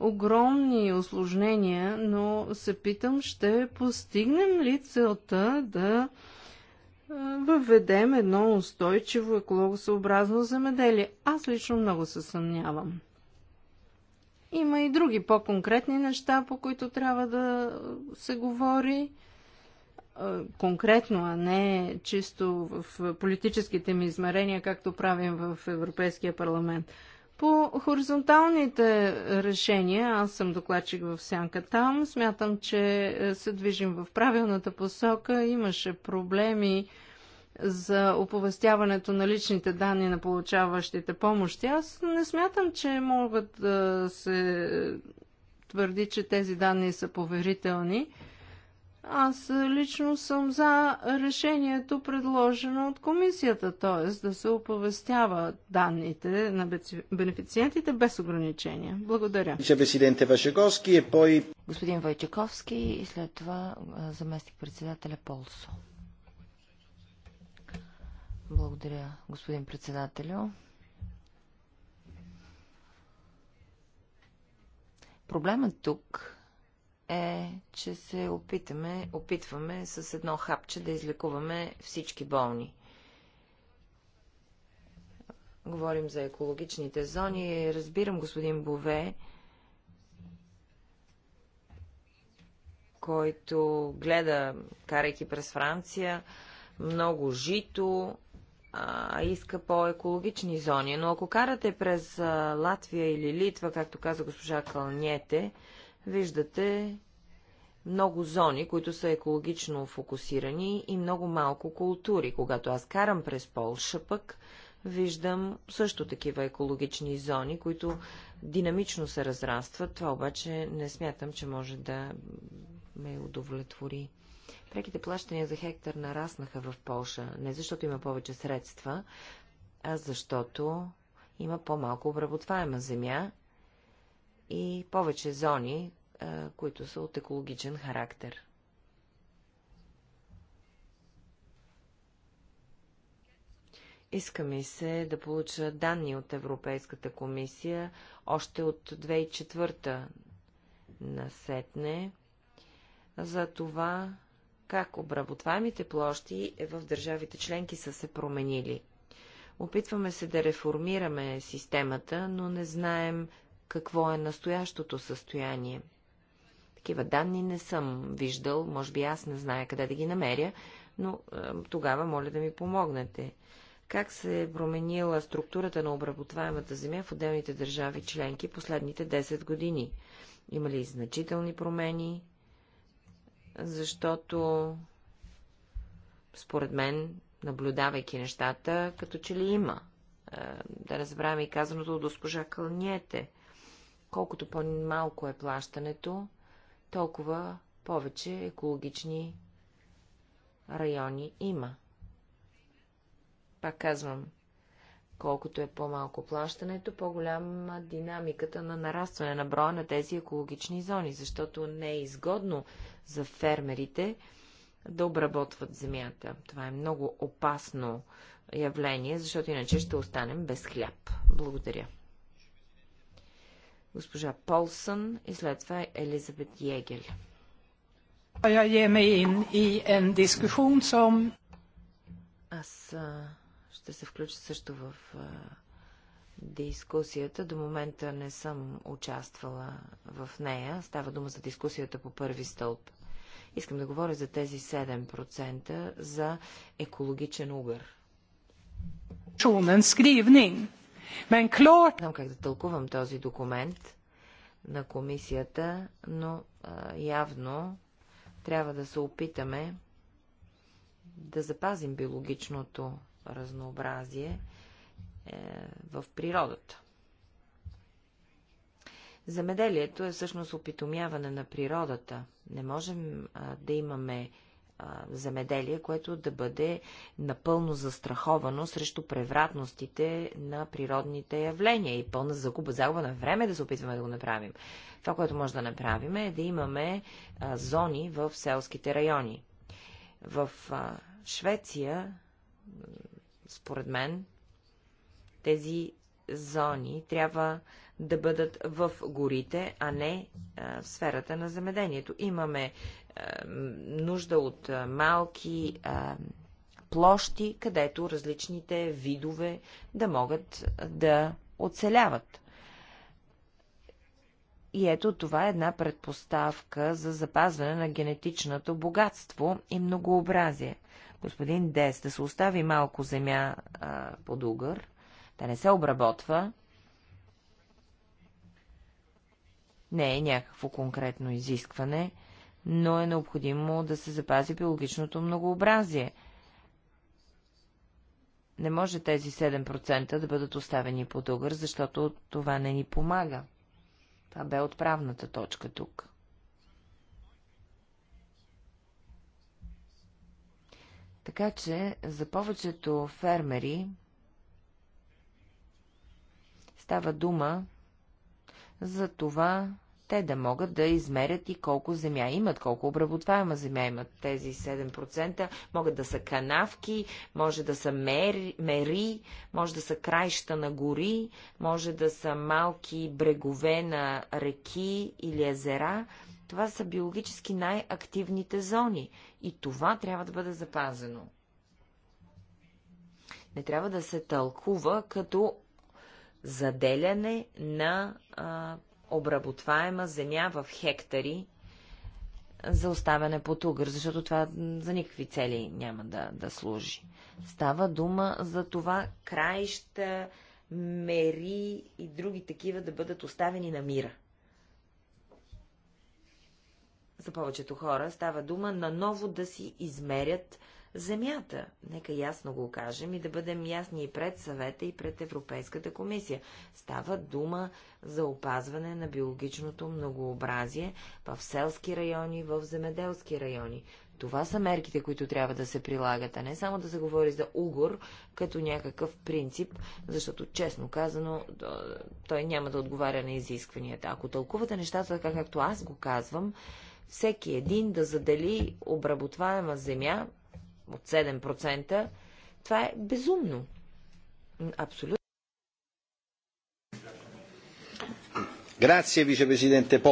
Огромни осложнения, но се питам, ще постигнем ли целта да въведем едно устойчиво екологосъобразно земеделие? Аз лично много се съмнявам. Има и други по-конкретни неща, по които трябва да се говори конкретно, а не чисто в политическите ми измерения, както правим в Европейския парламент. По хоризонталните решения, аз съм докладчик в сянка там, смятам, че се движим в правилната посока. Имаше проблеми за оповестяването на личните данни на получаващите помощи. Аз не смятам, че могат да се твърди, че тези данни са поверителни. Аз лично съм за решението предложено от комисията, т.е. да се оповестява данните на бенефициентите без ограничения. Благодаря. Господин Вайчаковски и след това заместник председателя Полсо. Благодаря, господин председателю. Проблемът тук е, че се опитаме, опитваме с едно хапче да излекуваме всички болни. Говорим за екологичните зони. Разбирам, господин Бове, който гледа, карайки през Франция, много жито, а, иска по-екологични зони. Но ако карате през Латвия или Литва, както каза госпожа Кълнете, виждате много зони, които са екологично фокусирани и много малко култури. Когато аз карам през Полша пък, виждам също такива екологични зони, които динамично се разрастват. Това обаче не смятам, че може да ме удовлетвори. Преките плащания за хектар нараснаха в Полша. Не защото има повече средства, а защото има по-малко обработваема земя и повече зони, които са от екологичен характер. Иска ми се да получа данни от Европейската комисия още от 2004 насетне за това, как обработваемите площи е в държавите членки са се променили. Опитваме се да реформираме системата, но не знаем какво е настоящото състояние. Такива данни не съм виждал, може би аз не зная къде да ги намеря, но е, тогава моля да ми помогнете. Как се е променила структурата на обработваемата земя в отделните държави членки последните 10 години? Има ли значителни промени? Защото, според мен, наблюдавайки нещата, като че ли има. Е, да разбравяме и казаното от госпожа Кълниете. Колкото по-малко е плащането, толкова повече екологични райони има. Пак казвам, колкото е по-малко плащането, по-голяма динамиката на нарастване на броя на тези екологични зони, защото не е изгодно за фермерите да обработват земята. Това е много опасно явление, защото иначе ще останем без хляб. Благодаря госпожа Полсън и след това Елизабет Егел. Аз ще се включа също в дискусията. До момента не съм участвала в нея. Става дума за дискусията по първи стълб. Искам да говоря за тези 7% за екологичен угър. Шонен скривнин клор... Не Знам как да тълкувам този документ на комисията, но а, явно трябва да се опитаме да запазим биологичното разнообразие е, в природата. Замеделието е всъщност опитомяване на природата. Не можем а, да имаме земеделие, което да бъде напълно застраховано срещу превратностите на природните явления и пълна загуба, загуба на време да се опитваме да го направим. Това, което може да направим е да имаме а, зони в селските райони. В а, Швеция, според мен, тези зони трябва да бъдат в горите, а не а, в сферата на земеделието. Имаме нужда от малки площи, където различните видове да могат да оцеляват. И ето това е една предпоставка за запазване на генетичното богатство и многообразие. Господин Дес, да се остави малко земя а, под угър, да не се обработва, не е някакво конкретно изискване, но е необходимо да се запази биологичното многообразие. Не може тези 7% да бъдат оставени по дългър, защото това не ни помага. Това бе отправната точка тук. Така че за повечето фермери става дума за това те да могат да измерят и колко земя имат, колко обработваема земя имат тези 7%. Могат да са канавки, може да са мери, мери може да са краища на гори, може да са малки брегове на реки или езера. Това са биологически най-активните зони и това трябва да бъде запазено. Не трябва да се тълкува като заделяне на а, обработваема земя в хектари за оставяне под угър, защото това за никакви цели няма да, да служи. Става дума за това краища, мери и други такива да бъдат оставени на мира. За повечето хора става дума наново да си измерят земята. Нека ясно го кажем и да бъдем ясни и пред съвета и пред Европейската комисия. Става дума за опазване на биологичното многообразие в селски райони, в земеделски райони. Това са мерките, които трябва да се прилагат, а не само да се говори за угор като някакъв принцип, защото честно казано той няма да отговаря на изискванията. Ако тълкувате нещата така, както аз го казвам, всеки един да задели обработваема земя от 7%, това е безумно. Абсолютно. Грация, вице-президенте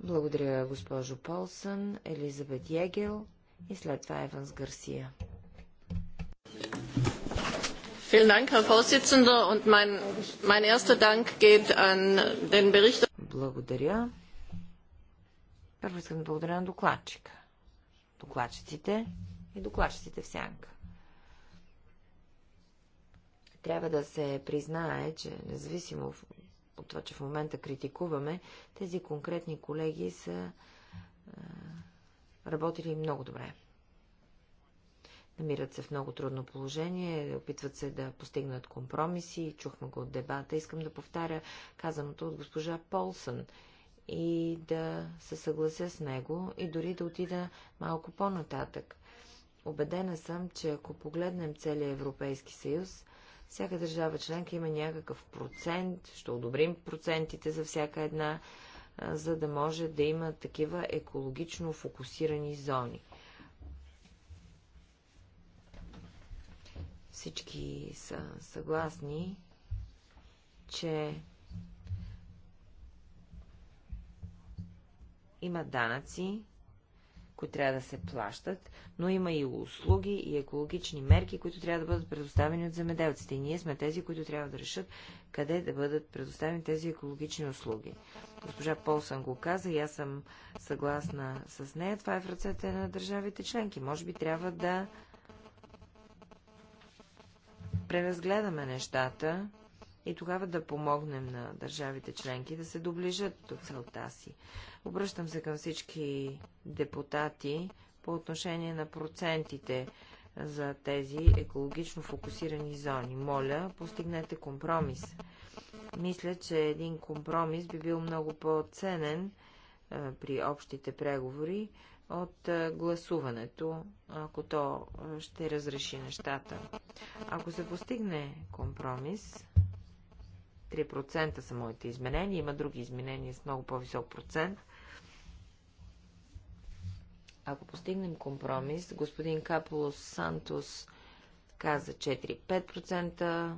Благодаря, госпожо Полсън, Елизабет Егел и след това Еванс Гарсия. Благодаря. Първо искам да благодаря на докладчика. Докладчиците и докладчиците в сянка. Трябва да се признае, че независимо от това, че в момента критикуваме, тези конкретни колеги са а, работили много добре. Намират се в много трудно положение, опитват се да постигнат компромиси, чухме го от дебата. Искам да повтаря казаното от госпожа Полсън и да се съглася с него и дори да отида малко по-нататък. Обедена съм, че ако погледнем целия Европейски съюз, всяка държава членка има някакъв процент, ще одобрим процентите за всяка една, за да може да има такива екологично фокусирани зони. Всички са съгласни, че има данъци, които трябва да се плащат, но има и услуги и екологични мерки, които трябва да бъдат предоставени от земеделците. И ние сме тези, които трябва да решат къде да бъдат предоставени тези екологични услуги. Госпожа Полсън го каза и аз съм съгласна с нея. Това е в ръцете на държавите членки. Може би трябва да преразгледаме нещата и тогава да помогнем на държавите членки да се доближат до целта си. Обръщам се към всички депутати по отношение на процентите за тези екологично фокусирани зони. Моля, постигнете компромис. Мисля, че един компромис би бил много по-ценен е, при общите преговори от е, гласуването, ако то е, ще разреши нещата. Ако се постигне компромис, 3% са моите изменения. Има други изменения с много по-висок процент. Ако постигнем компромис, господин Каполос Сантос каза 4-5%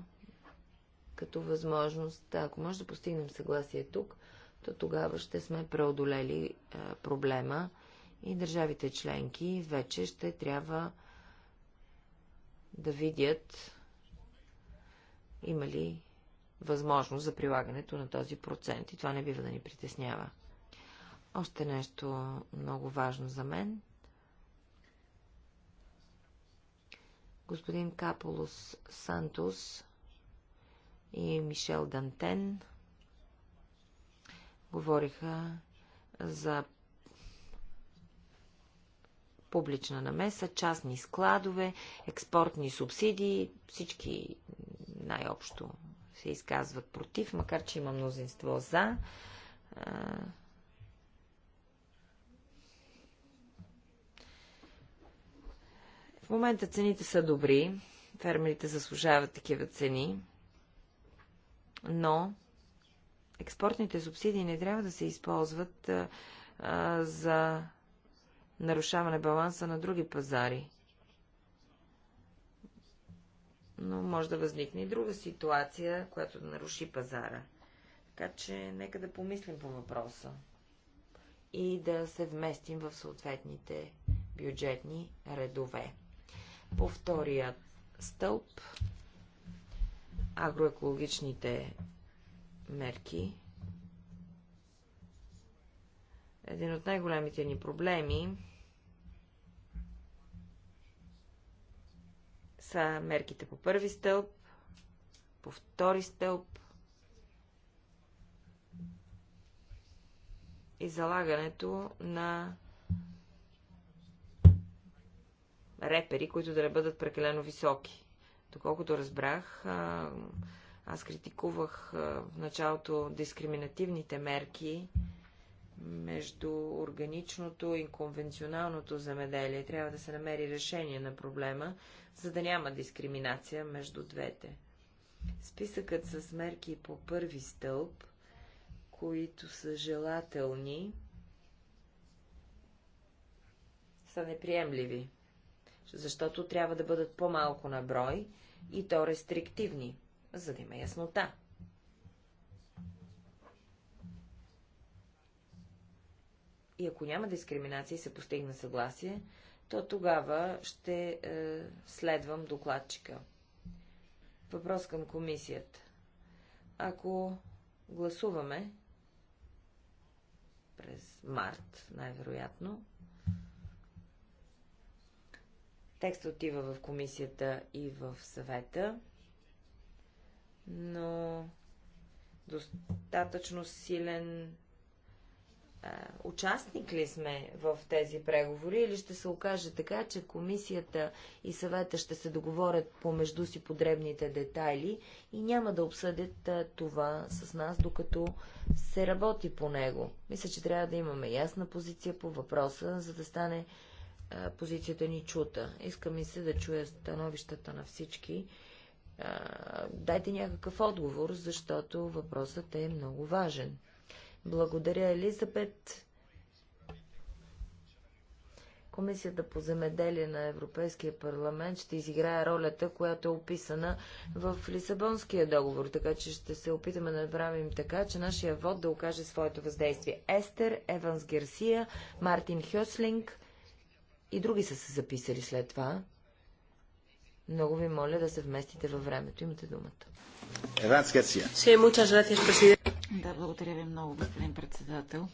като възможност. Ако може да постигнем съгласие тук, то тогава ще сме преодолели е, проблема и държавите членки вече ще трябва да видят има ли възможност за прилагането на този процент и това не бива да ни притеснява. Още нещо много важно за мен. Господин Каполос Сантос и Мишел Дантен говориха за публична намеса, частни складове, експортни субсидии, всички най-общо се изказват против, макар че има мнозинство за. В момента цените са добри, фермерите заслужават такива цени, но експортните субсидии не трябва да се използват а, за нарушаване баланса на други пазари – но може да възникне и друга ситуация, която да наруши пазара. Така че нека да помислим по въпроса и да се вместим в съответните бюджетни редове. По втория стълб агроекологичните мерки. Един от най-големите ни проблеми са мерките по първи стълб, по втори стълб и залагането на репери, които да не бъдат прекалено високи. Доколкото разбрах, аз критикувах в началото дискриминативните мерки между органичното и конвенционалното земеделие. Трябва да се намери решение на проблема, за да няма дискриминация между двете. Списъкът с мерки по първи стълб, които са желателни, са неприемливи, защото трябва да бъдат по-малко на брой и то рестриктивни, за да има яснота. И ако няма дискриминация и се постигне съгласие, то тогава ще е, следвам докладчика. Въпрос към комисията. Ако гласуваме през март, най-вероятно, текстът отива в комисията и в съвета, но достатъчно силен участник ли сме в тези преговори или ще се окаже така, че комисията и съвета ще се договорят помежду си подребните детайли и няма да обсъдят това с нас, докато се работи по него. Мисля, че трябва да имаме ясна позиция по въпроса, за да стане позицията ни чута. Иска ми се да чуя становищата на всички. Дайте някакъв отговор, защото въпросът е много важен. Благодаря, Елизабет. Комисията по земеделие на Европейския парламент ще изиграе ролята, която е описана в Лисабонския договор, така че ще се опитаме да направим така, че нашия вод да окаже своето въздействие. Естер, Еванс Герсия, Мартин Хюслинг и други са се записали след това. Много ви моля да се вместите във времето. Имате думата. Еранс Гарсия. Да, благодаря ви много, господин председател.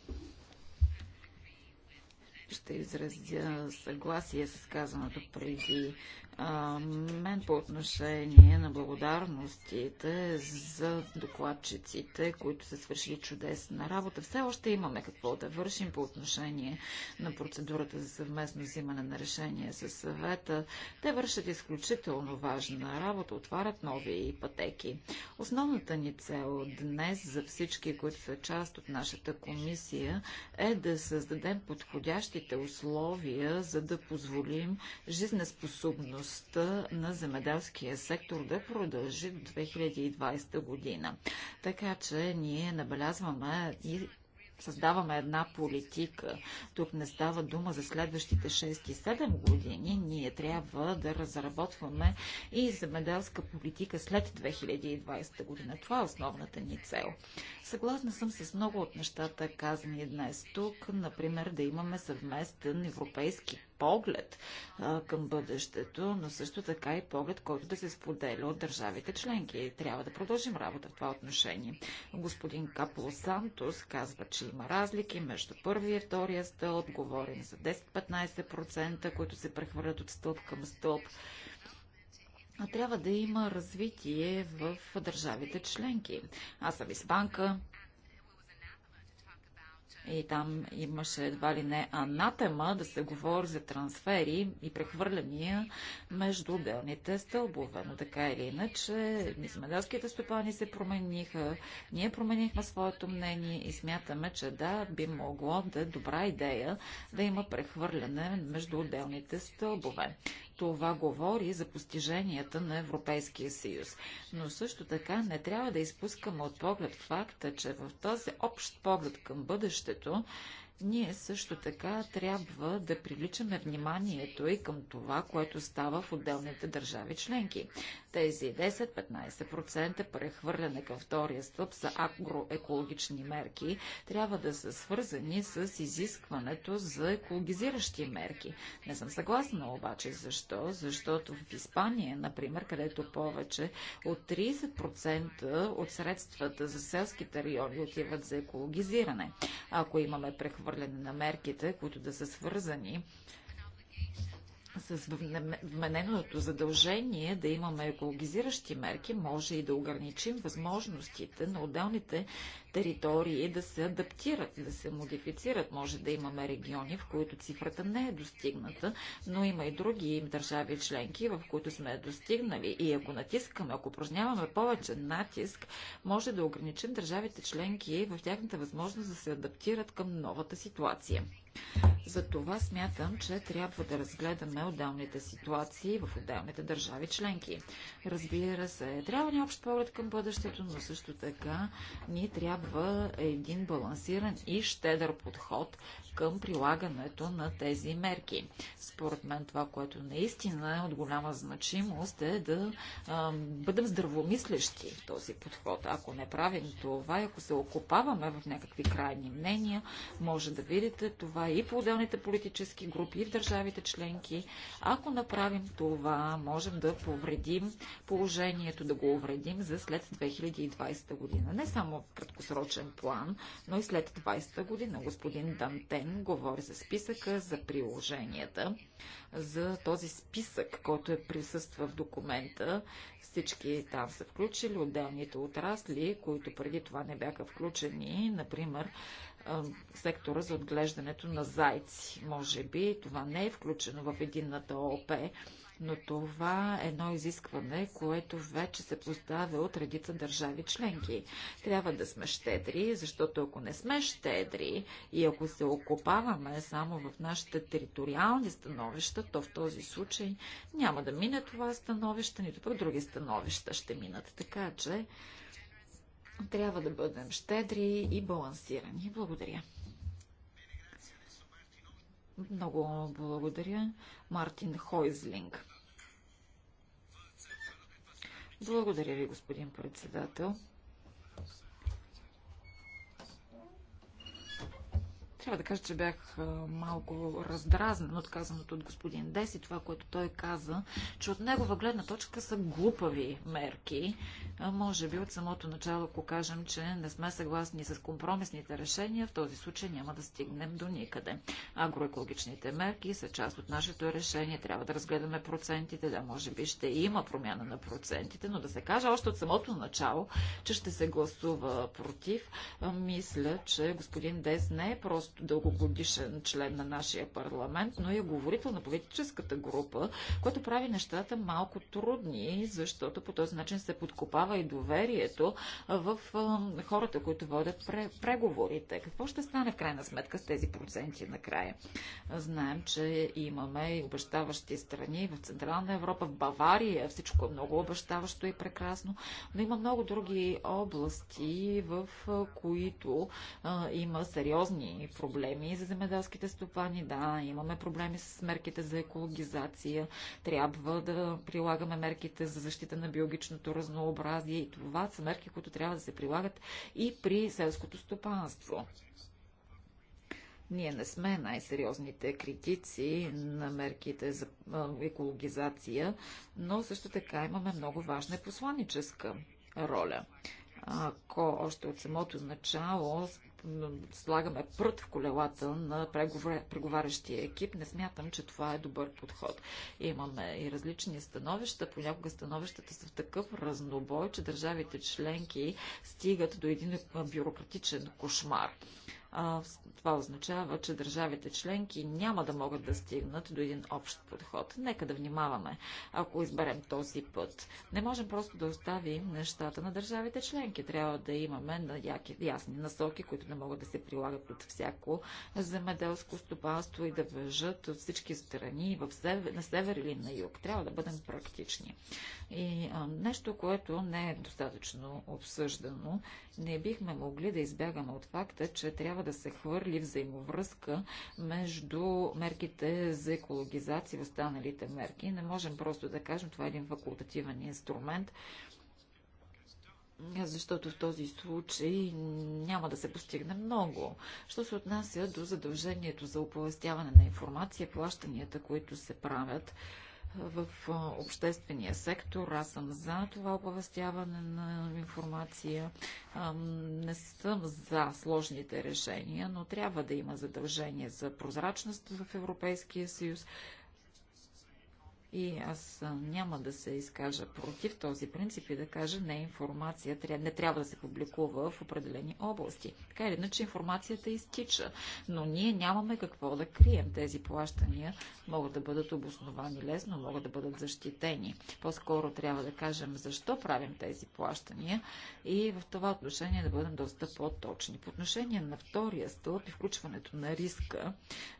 Ще изразя съгласие с казаното преди а, мен по отношение на благодарностите за докладчиците, които са свършили чудесна работа. Все още имаме какво да вършим по отношение на процедурата за съвместно взимане на решения със съвета. Те вършат изключително важна работа, отварят нови пътеки. Основната ни цел днес за всички, които са част от нашата комисия, е да създадем подходящи всичките условия, за да позволим жизнеспособността на земеделския сектор да продължи до 2020 година. Така че ние набелязваме и създаваме една политика. Тук не става дума за следващите 6 и 7 години. Ние трябва да разработваме и земеделска политика след 2020 година. Това е основната ни цел. Съгласна съм с много от нещата, казани днес тук. Например, да имаме съвместен европейски поглед а, към бъдещето, но също така и поглед, който да се споделя от държавите членки. Трябва да продължим работа в това отношение. Господин Капло Сантос казва, че има разлики между първия и втория стълб, говорим за 10-15%, които се прехвърлят от стълб към стълб трябва да има развитие в държавите членки. Аз съм испанка, и там имаше едва ли не анатема да се говори за трансфери и прехвърляния между отделните стълбове. Но така или иначе, земеделските стопани се промениха, ние променихме своето мнение и смятаме, че да, би могло да е добра идея да има прехвърляне между отделните стълбове. Това говори за постиженията на Европейския съюз. Но също така не трябва да изпускаме от поглед факта, че в този общ поглед към бъдещето ние също така трябва да привличаме вниманието и към това, което става в отделните държави членки. Тези 10-15% прехвърляне към втория стъп за агроекологични мерки трябва да са свързани с изискването за екологизиращи мерки. Не съм съгласна обаче защо, защото в Испания, например, където повече от 30% от средствата за селските райони отиват за екологизиране. Ако имаме прехвърляне на мерките, които да са свързани с вмененото задължение да имаме екологизиращи мерки, може и да ограничим възможностите на отделните територии да се адаптират, да се модифицират. Може да имаме региони, в които цифрата не е достигната, но има и други държави членки, в които сме достигнали. И ако натискаме, ако упражняваме повече натиск, може да ограничим държавите членки в тяхната възможност да се адаптират към новата ситуация. Затова смятам, че трябва да разгледаме отделните ситуации в отделните държави членки. Разбира се, трябва ни общ поглед към бъдещето, но също така ни трябва един балансиран и щедър подход към прилагането на тези мерки. Според мен това, което наистина е от голяма значимост е да а, бъдем здравомислещи в този подход. Ако не правим това, ако се окопаваме в някакви крайни мнения, може да видите това и по отделните политически групи, и в държавите членки. Ако направим това, можем да повредим положението, да го увредим за след 2020 година. Не само в краткосрочен план, но и след 2020 година. Господин Дантен Кукан говори за списъка, за приложенията, за този списък, който е присъства в документа. Всички там са включили отделните отрасли, които преди това не бяха включени, например сектора за отглеждането на зайци. Може би това не е включено в единната ОП, но това е едно изискване, което вече се поставя от редица държави членки. Трябва да сме щедри, защото ако не сме щедри и ако се окупаваме само в нашите териториални становища, то в този случай няма да мине това становище, нито пък други становища ще минат. Така че трябва да бъдем щедри и балансирани. Благодаря. Много благодаря. Мартин Хойзлинг. Благодаря ви, господин председател. Трябва да кажа, че бях малко раздразнен от казаното от господин Деси, това, което той каза, че от негова гледна точка са глупави мерки. Може би от самото начало, ако кажем, че не сме съгласни с компромисните решения, в този случай няма да стигнем до никъде. Агроекологичните мерки са част от нашето решение. Трябва да разгледаме процентите. Да, може би ще има промяна на процентите, но да се каже още от самото начало, че ще се гласува против, мисля, че господин Дес не е просто просто дългогодишен член на нашия парламент, но и е говорител на политическата група, което прави нещата малко трудни, защото по този начин се подкопава и доверието в хората, които водят преговорите. Какво ще стане в крайна сметка с тези проценти накрая? Знаем, че имаме и обещаващи страни в Централна Европа, в Бавария, всичко е много обещаващо и прекрасно, но има много други области, в които а, има сериозни проблеми за земеделските стопани, да, имаме проблеми с мерките за екологизация, трябва да прилагаме мерките за защита на биологичното разнообразие и това са мерки, които трябва да се прилагат и при селското стопанство. Ние не сме най-сериозните критици на мерките за екологизация, но също така имаме много важна посланическа роля. Ако още от самото начало слагаме прът в колелата на преговарящия екип. Не смятам, че това е добър подход. Имаме и различни становища. Понякога становищата са в такъв разнобой, че държавите членки стигат до един бюрократичен кошмар това означава, че държавите членки няма да могат да стигнат до един общ подход. Нека да внимаваме, ако изберем този път. Не можем просто да оставим нещата на държавите членки. Трябва да имаме ясни насоки, които не могат да се прилагат от всяко земеделско стопанство и да въжат от всички страни в север, на север или на юг. Трябва да бъдем практични. И а, нещо, което не е достатъчно обсъждано, не бихме могли да избягаме от факта, че трябва трябва да се хвърли взаимовръзка между мерките за екологизация и останалите мерки. Не можем просто да кажем, това е един факултативен инструмент, защото в този случай няма да се постигне много. Що се отнася до задължението за оповестяване на информация, плащанията, които се правят, в обществения сектор. Аз съм за това оповестяване на информация. Не съм за сложните решения, но трябва да има задължение за прозрачност в Европейския съюз, и аз няма да се изкажа против този принцип и да кажа, не, информация не трябва да се публикува в определени области. Така или иначе информацията изтича, но ние нямаме какво да крием. Тези плащания могат да бъдат обосновани лесно, могат да бъдат защитени. По-скоро трябва да кажем защо правим тези плащания и в това отношение да бъдем доста по-точни. По отношение на втория стълб и включването на риска,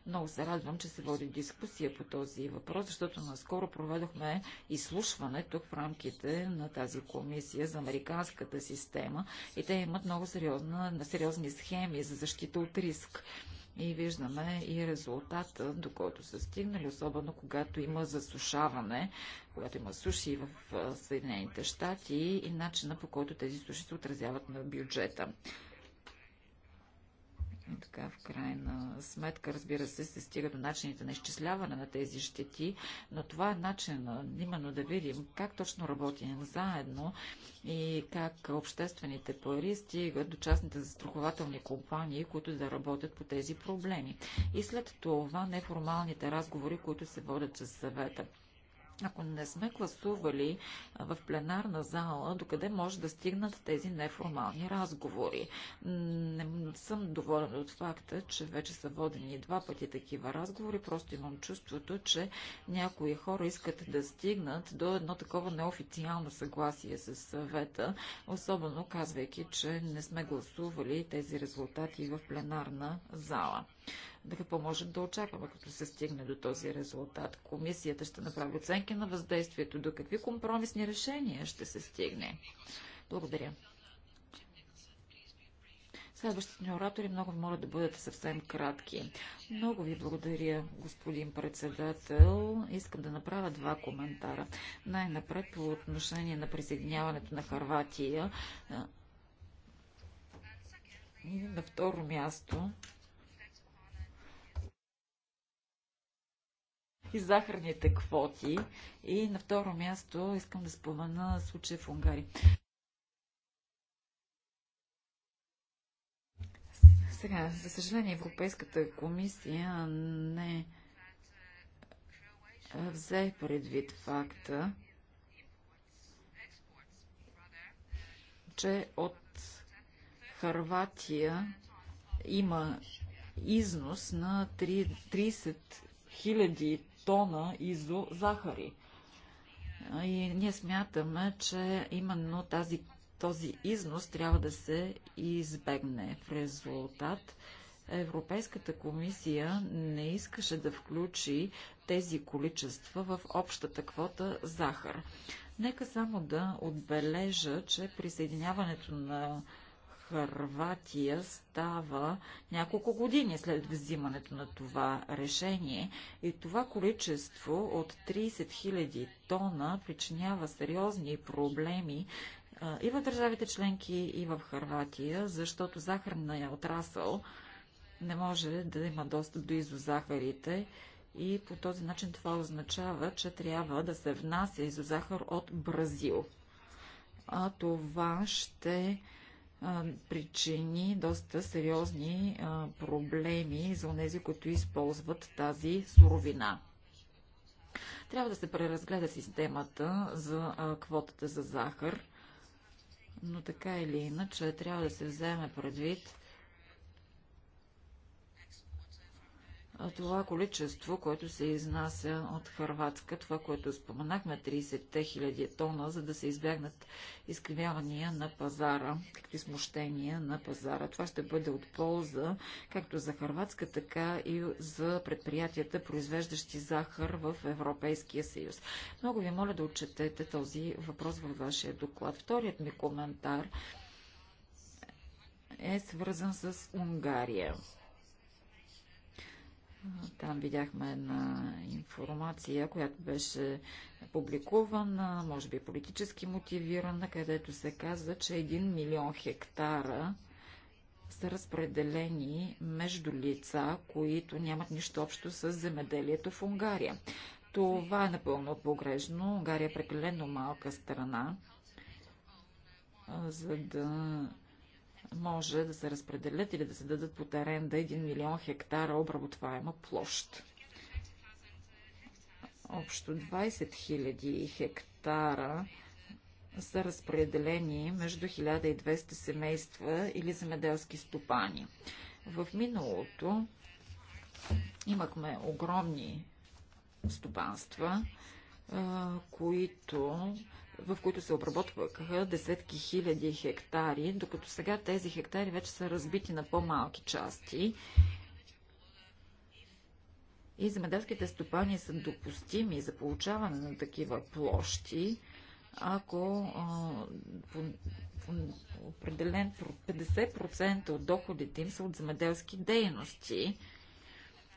много се радвам, че се води дискусия по този въпрос, защото наскоро наскоро проведохме изслушване тук в рамките на тази комисия за американската система и те имат много сериозна, сериозни схеми за защита от риск и виждаме и резултата, до който са стигнали, особено когато има засушаване, когато има суши в Съединените щати и начина по който тези суши се отразяват на бюджета така, в крайна сметка, разбира се, се стига до начините на изчисляване на тези щети, но това е начин именно да видим как точно работим заедно и как обществените пари стигат до частните застрахователни компании, които да работят по тези проблеми. И след това неформалните разговори, които се водят с съвета ако не сме гласували в пленарна зала, докъде може да стигнат тези неформални разговори. Не съм доволен от факта, че вече са водени два пъти такива разговори. Просто имам чувството, че някои хора искат да стигнат до едно такова неофициално съгласие с съвета, особено казвайки, че не сме гласували тези резултати в пленарна зала да какво можем да очакваме, като се стигне до този резултат. Комисията ще направи оценки на въздействието, до какви компромисни решения ще се стигне. Благодаря. Следващите ни оратори много моля да бъдете съвсем кратки. Много ви благодаря, господин председател. Искам да направя два коментара. Най-напред по отношение на присъединяването на Харватия. И на второ място и захарните квоти. И на второ място искам да спомена случая в Унгария. Сега, за съжаление, Европейската комисия не взе предвид факта, че от Харватия има износ на 30 000 тона изозахари. И ние смятаме, че именно тази, този износ трябва да се избегне. В резултат Европейската комисия не искаше да включи тези количества в общата квота захар. Нека само да отбележа, че присъединяването на Харватия става няколко години след взимането на това решение и това количество от 30 000 тона причинява сериозни проблеми и в държавите членки, и в Харватия, защото захарния е отрасъл не може да има достъп до изозахарите и по този начин това означава, че трябва да се внася изозахар от Бразил. А това ще причини доста сериозни проблеми за тези, които използват тази суровина. Трябва да се преразгледа системата за квотата за захар, но така или иначе трябва да се вземе предвид това количество, което се изнася от Харватска, това, което споменахме, 30-те хиляди тона, за да се избягнат изкривявания на пазара, какви смущения на пазара. Това ще бъде от полза както за Харватска, така и за предприятията, произвеждащи захар в Европейския съюз. Много ви моля да отчетете този въпрос във вашия доклад. Вторият ми коментар е свързан с Унгария. Там видяхме една информация, която беше публикувана, може би политически мотивирана, където се казва, че 1 милион хектара са разпределени между лица, които нямат нищо общо с земеделието в Унгария. Това е напълно погрежно. Унгария е прекалено малка страна, за да може да се разпределят или да се дадат под аренда 1 милион хектара обработваема площ. Общо 20 хиляди хектара са разпределени между 1200 семейства или земеделски стопани. В миналото имахме огромни стопанства, които в които се обработваха десетки хиляди хектари, докато сега тези хектари вече са разбити на по-малки части. И земеделските стопани са допустими за получаване на такива площи, ако а, по, по, определен 50% от доходите им са от земеделски дейности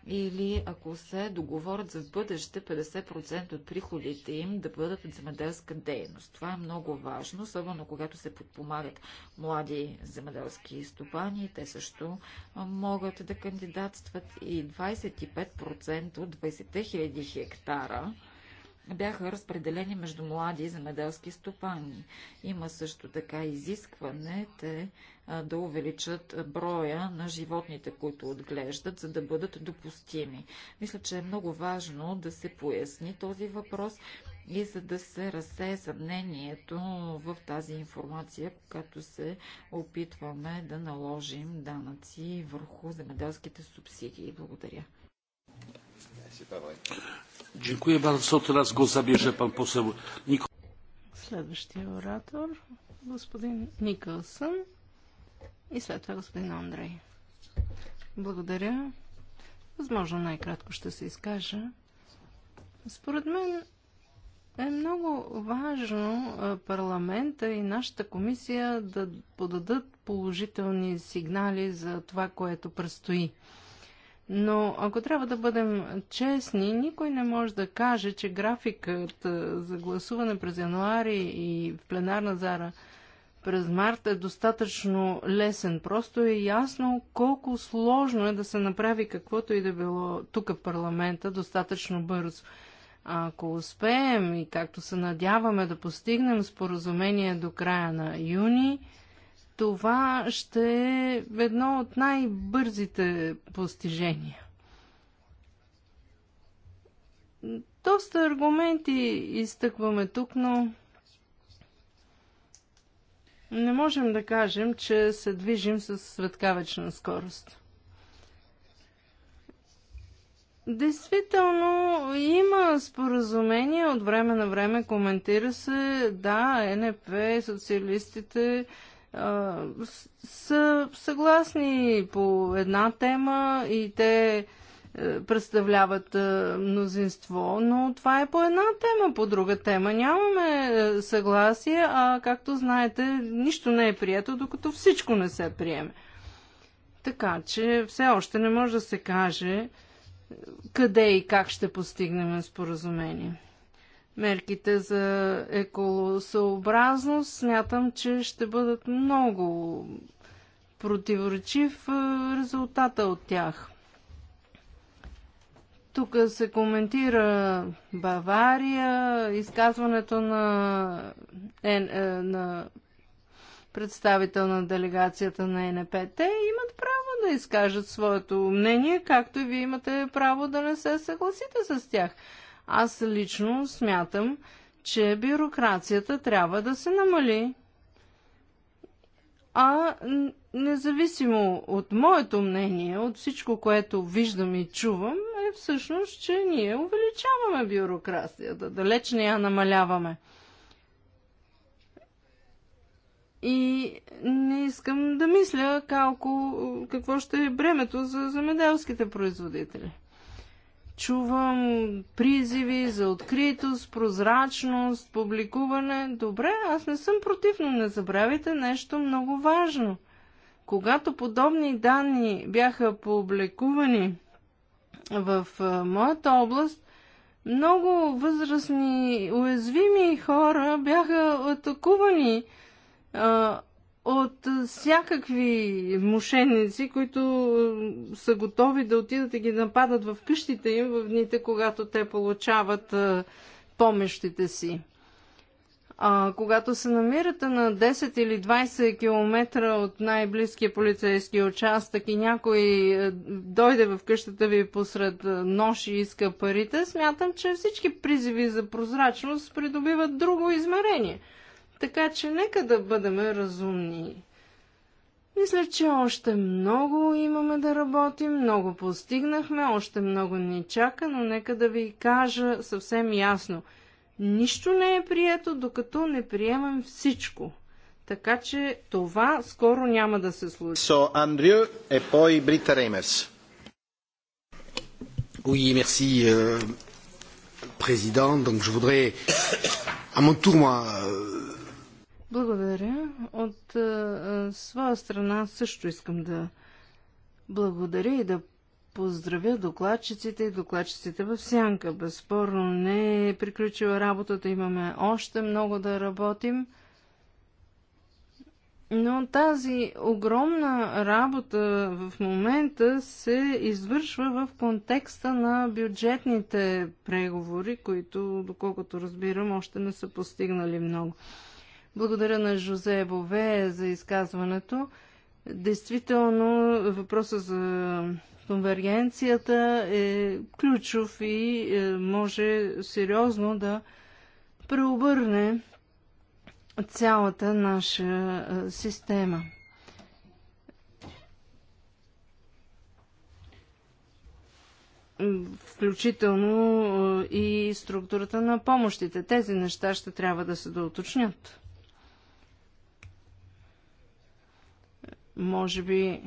или ако се договорят за бъдеще 50% от приходите им да бъдат от земеделска дейност. Това е много важно, особено когато се подпомагат млади земеделски стопани. Те също могат да кандидатстват и 25% от 20 000 хектара бяха разпределени между млади земеделски стопани. Има също така изискване те да увеличат броя на животните, които отглеждат, за да бъдат допустими. Мисля, че е много важно да се поясни този въпрос и за да се разсее съмнението в тази информация, като се опитваме да наложим данъци върху земеделските субсидии. Благодаря. Dziękuję bardzo. Teraz głos zabierze pan poseł Nikol. Следващия оратор, господин Никълсън и след това господин Андрей. Благодаря. Възможно най-кратко ще се изкажа. Според мен е много важно парламента и нашата комисия да подадат положителни сигнали за това, което предстои. Но ако трябва да бъдем честни, никой не може да каже, че графикът за гласуване през януари и в пленарна зара през март е достатъчно лесен. Просто е ясно колко сложно е да се направи каквото и да било тук в парламента достатъчно бързо. А ако успеем и както се надяваме да постигнем споразумение до края на юни, това ще е едно от най-бързите постижения. Доста аргументи изтъкваме тук, но не можем да кажем, че се движим с светкавечна скорост. Действително има споразумение, от време на време коментира се, да, НП, социалистите, са съгласни по една тема и те е, представляват е, мнозинство, но това е по една тема, по друга тема. Нямаме е, съгласие, а както знаете, нищо не е прието, докато всичко не се приеме. Така че все още не може да се каже къде и как ще постигнем споразумение мерките за еколосъобразност, смятам, че ще бъдат много противоречив резултата от тях. Тук се коментира Бавария, изказването на, е, е, на представител на делегацията на НПТ имат право да изкажат своето мнение, както и вие имате право да не се съгласите с тях. Аз лично смятам, че бюрокрацията трябва да се намали. А независимо от моето мнение, от всичко, което виждам и чувам, е всъщност, че ние увеличаваме бюрокрацията, далеч не я намаляваме. И не искам да мисля калко, какво ще е бремето за земеделските производители. Чувам призиви за откритост, прозрачност, публикуване. Добре, аз не съм против, но не забравяйте нещо много важно. Когато подобни данни бяха публикувани в моята област, много възрастни, уязвими хора бяха атакувани от всякакви мошенници, които са готови да отидат и ги нападат в къщите им в дните, когато те получават помещите си. А, когато се намирате на 10 или 20 км от най-близкия полицейски участък и някой дойде в къщата ви посред нощ и иска парите, смятам, че всички призиви за прозрачност придобиват друго измерение – така че нека да бъдем разумни. Мисля, че още много имаме да работим, много постигнахме, още много ни чака, но нека да ви кажа съвсем ясно. Нищо не е прието, докато не приемем всичко. Така че това скоро няма да се случи. Со Андрю е пой Брита Реймерс. Oui, merci, euh, président. Donc, je voudrais, à mon tour, moi, euh, благодаря. От а, своя страна също искам да благодаря и да поздравя докладчиците и докладчиците в сянка. Безспорно не е приключила работата, имаме още много да работим. Но тази огромна работа в момента се извършва в контекста на бюджетните преговори, които, доколкото разбирам, още не са постигнали много. Благодаря на Жозе Бове за изказването. Действително, въпросът за конвергенцията е ключов и е, може сериозно да преобърне цялата наша е, система. Включително е, и структурата на помощите. Тези неща ще трябва да се доуточнят. Може би е,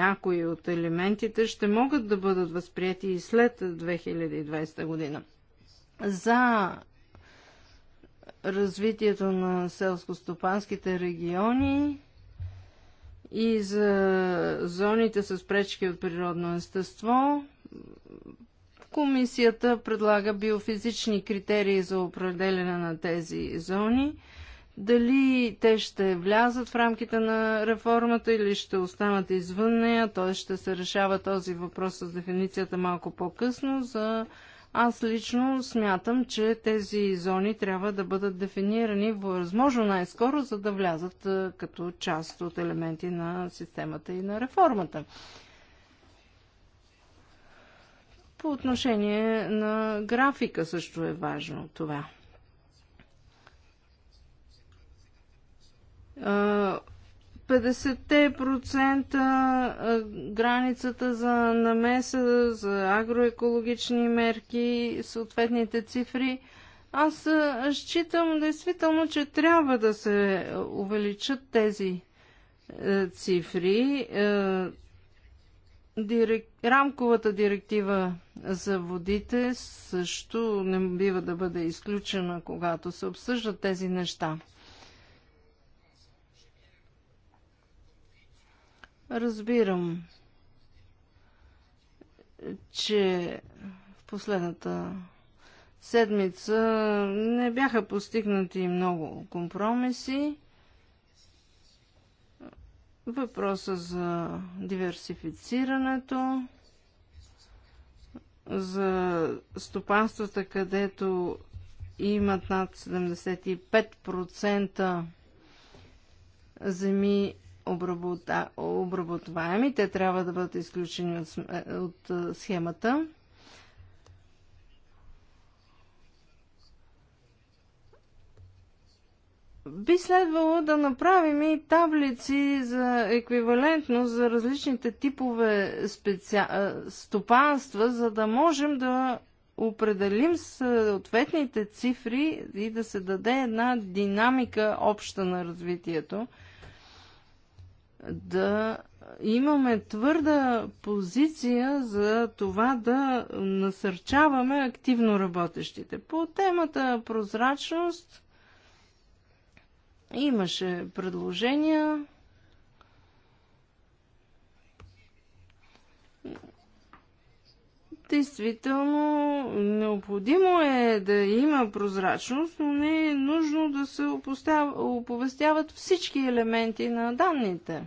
някои от елементите ще могат да бъдат възприяти и след 2020 година. За развитието на селско-стопанските региони и за зоните с пречки от природно естество, комисията предлага биофизични критерии за определене на тези зони – дали те ще влязат в рамките на реформата или ще останат извън нея, т.е. ще се решава този въпрос с дефиницията малко по-късно. За... Аз лично смятам, че тези зони трябва да бъдат дефинирани възможно най-скоро, за да влязат като част от елементи на системата и на реформата. По отношение на графика също е важно това. 50% границата за намеса, за агроекологични мерки, съответните цифри. Аз считам действително, че трябва да се увеличат тези е, цифри. Е, дирек... Рамковата директива за водите също не бива да бъде изключена, когато се обсъждат тези неща. Разбирам, че в последната седмица не бяха постигнати много компромиси. Въпроса за диверсифицирането, за стопанствата, където имат над 75% земи обработваеми. Те трябва да бъдат изключени от, е, от е, схемата. Би следвало да направим и таблици за еквивалентност за различните типове специа... Е, стопанства, за да можем да определим съответните цифри и да се даде една динамика обща на развитието да имаме твърда позиция за това да насърчаваме активно работещите. По темата прозрачност имаше предложения действително необходимо е да има прозрачност, но не е нужно да се оповестяват всички елементи на данните.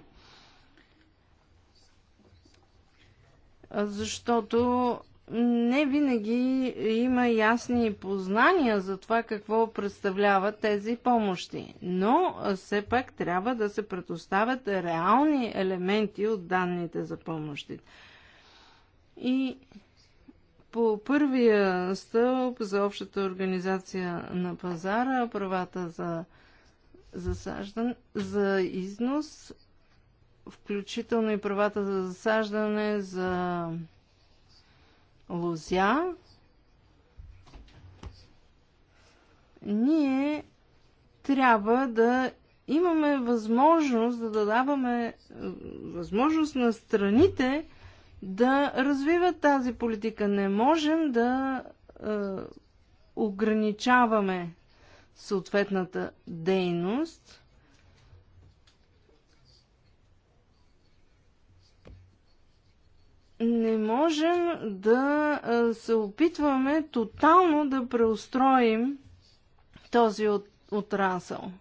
Защото не винаги има ясни познания за това какво представляват тези помощи, но все пак трябва да се предоставят реални елементи от данните за помощите. И по първия стълб за общата организация на пазара, правата за засаждане, за износ, включително и правата за засаждане, за Лузя. ние трябва да имаме възможност да даваме е, възможност на страните да развиват тази политика. Не можем да е, ограничаваме съответната дейност. Не можем да е, се опитваме тотално да преустроим този от, отрасъл.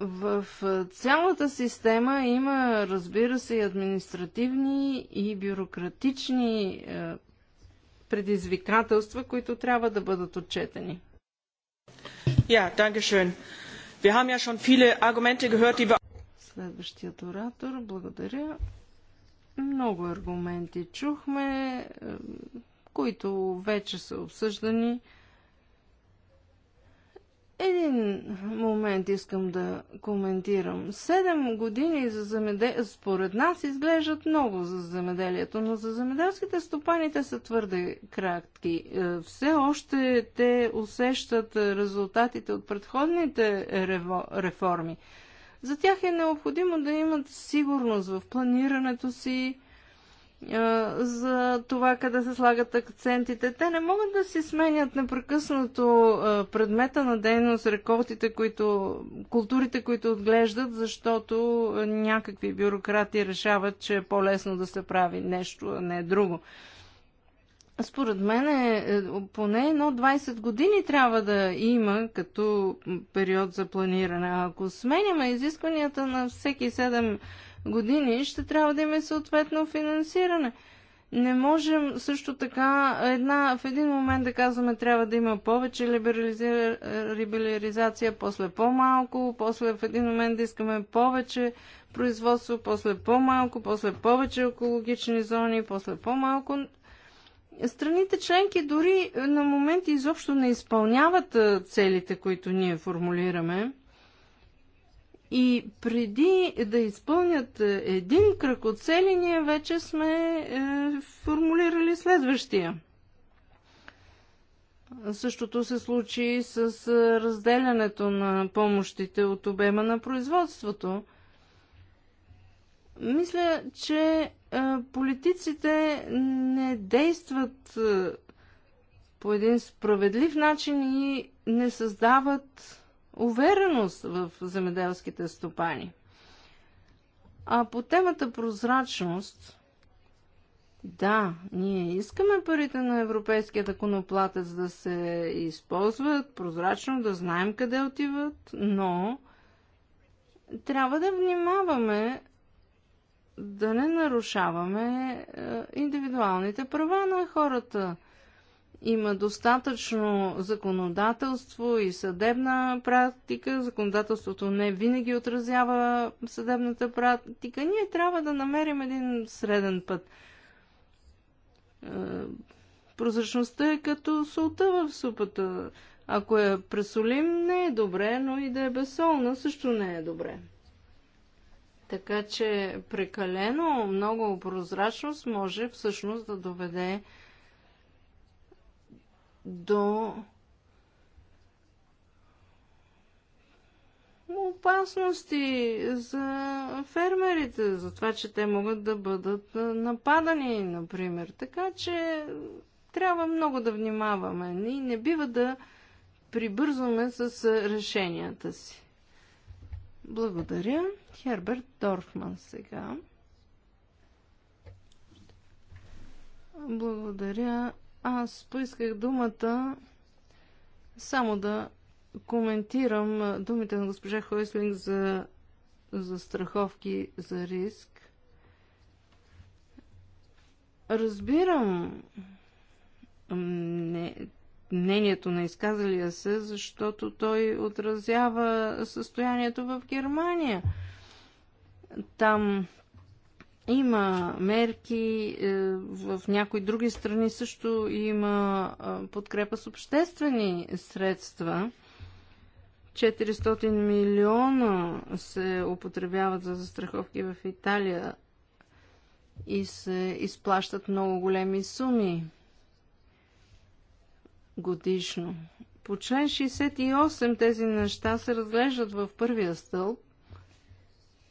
В цялата система има, разбира се, и административни и бюрократични предизвикателства, които трябва да бъдат отчетени. Ja, danke schön. Wir haben ja schon viele Argumente gehört, die wir... Следващият оратор, благодаря. Много аргументи чухме, които вече са обсъждани. Един момент искам да коментирам. Седем години за замеде... според нас изглеждат много за земеделието, но за земеделските стопаните са твърде кратки. Е, все още те усещат резултатите от предходните реформи. За тях е необходимо да имат сигурност в планирането си, за това къде се слагат акцентите. Те не могат да си сменят непрекъснато предмета на дейност, рекордите, които, културите, които отглеждат, защото някакви бюрократи решават, че е по-лесно да се прави нещо, а не друго. Според мен е, е поне едно 20 години трябва да има като период за планиране. Ако сменяме изискванията на всеки 7 години, ще трябва да има съответно финансиране. Не можем също така една, в един момент да казваме трябва да има повече либерализация, после по-малко, после в един момент да искаме повече производство, после по-малко, после повече екологични зони, после по-малко. Страните членки дори на моменти изобщо не изпълняват целите, които ние формулираме. И преди да изпълнят е, един кръг от цели, ние вече сме е, формулирали следващия. Същото се случи с е, разделянето на помощите от обема на производството. Мисля, че е, политиците не действат по един справедлив начин и не създават увереност в земеделските стопани. А по темата прозрачност, да, ние искаме парите на европейския законоплатец да се използват прозрачно, да знаем къде отиват, но трябва да внимаваме да не нарушаваме е, индивидуалните права на хората – има достатъчно законодателство и съдебна практика. Законодателството не винаги отразява съдебната практика. Ние трябва да намерим един среден път. Е, прозрачността е като солта в супата. Ако я пресолим, не е добре, но и да е безсолна също не е добре. Така че прекалено много прозрачност може всъщност да доведе до опасности за фермерите, за това, че те могат да бъдат нападани, например. Така че трябва много да внимаваме и не бива да прибързваме с решенията си. Благодаря. Херберт Дорфман сега. Благодаря аз поисках думата само да коментирам думите на госпожа Хойслинг за, за страховки за риск. Разбирам мнението на изказалия се, защото той отразява състоянието в Германия. Там има мерки, е, в някои други страни също има е, подкрепа с обществени средства. 400 милиона се употребяват за застраховки в Италия и се изплащат много големи суми годишно. По член 68 тези неща се разглеждат в първия стълб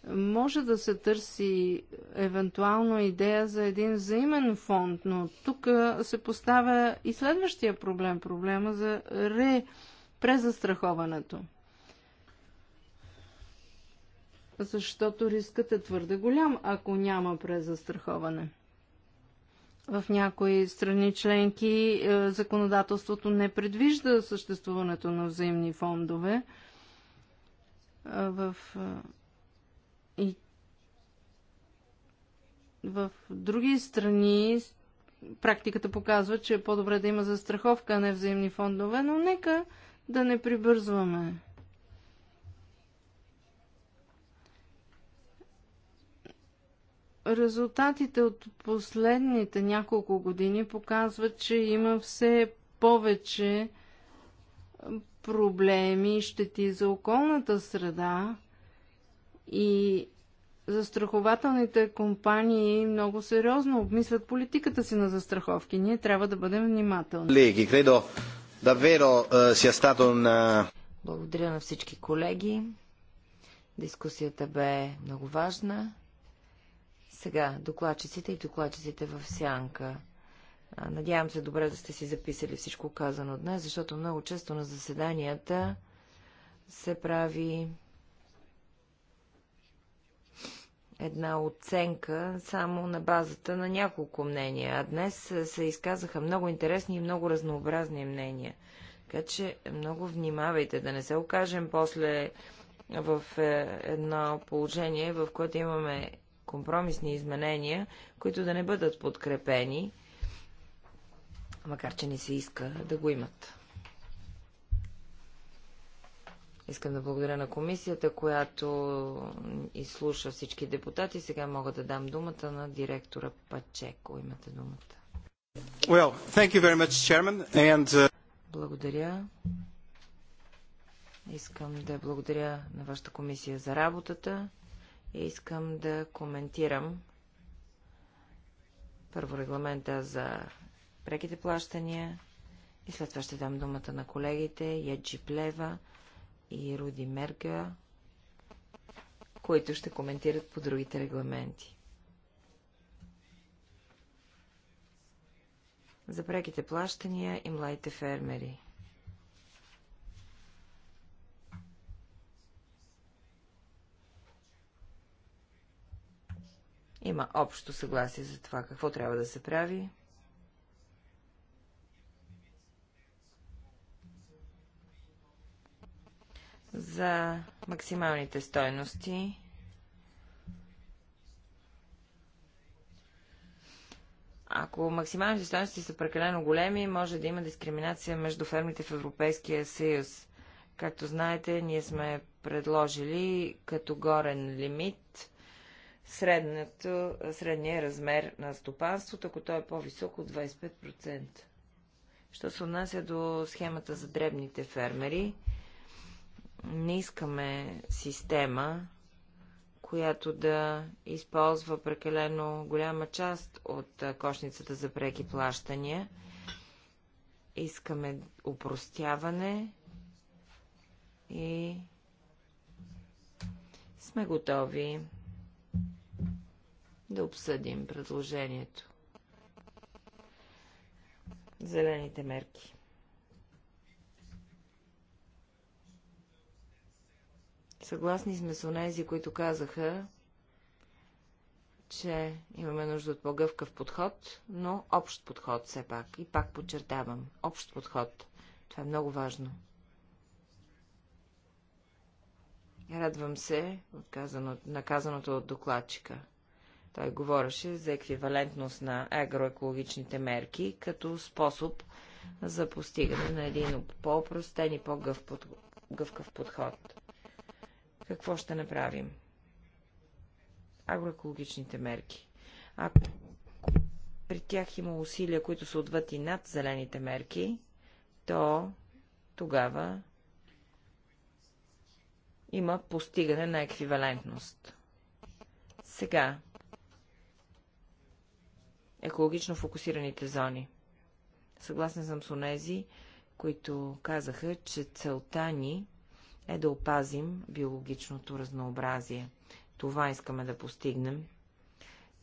може да се търси евентуално идея за един взаимен фонд, но тук се поставя и следващия проблем, проблема за ре, презастраховането. Защото рискът е твърде голям, ако няма презастраховане. В някои страни членки е, законодателството не предвижда съществуването на взаимни фондове. Е, в е, В други страни практиката показва, че е по-добре да има застраховка, а не взаимни фондове, но нека да не прибързваме. Резултатите от последните няколко години показват, че има все повече проблеми, щети за околната среда и застрахователните компании много сериозно обмислят политиката си на застраховки. Ние трябва да бъдем внимателни. Eh, eh, Благодаря на всички колеги. Дискусията бе много важна. Сега, докладчиците и докладчиците в сянка. Надявам се добре да сте си записали всичко казано днес, защото много често на заседанията се прави една оценка само на базата на няколко мнения, а днес се изказаха много интересни и много разнообразни мнения. Така че много внимавайте да не се окажем после в е, едно положение, в което имаме компромисни изменения, които да не бъдат подкрепени, макар че не се иска да го имат. Искам да благодаря на комисията, която изслуша всички депутати. Сега мога да дам думата на директора Пачеко. Имате думата. Well, thank you very much, Chairman, and, uh... Благодаря. Искам да благодаря на вашата комисия за работата и искам да коментирам първо регламента за преките плащания и след това ще дам думата на колегите Яджи Плева, и Руди Мерга, които ще коментират по другите регламенти. За преките плащания и младите фермери. Има общо съгласие за това какво трябва да се прави. за максималните стойности. Ако максималните стойности са прекалено големи, може да има дискриминация между фермите в Европейския съюз. Както знаете, ние сме предложили като горен лимит средния размер на стопанството, ако той е по-висок от 25%. Що се отнася до схемата за дребните фермери, не искаме система, която да използва прекалено голяма част от кошницата за преки плащания. Искаме упростяване и сме готови да обсъдим предложението. Зелените мерки. Съгласни сме с онези, които казаха, че имаме нужда от по-гъвкав подход, но общ подход все пак. И пак подчертавам, общ подход. Това е много важно. Радвам се на наказаното от докладчика. Той говореше за еквивалентност на агроекологичните мерки като способ за постигане на един по-простен и по-гъвкав подход. Какво ще направим? Агроекологичните мерки. Ако при тях има усилия, които са отвъд и над зелените мерки, то тогава има постигане на еквивалентност. Сега, екологично фокусираните зони. Съгласен съм с онези, които казаха, че целта ни е да опазим биологичното разнообразие. Това искаме да постигнем.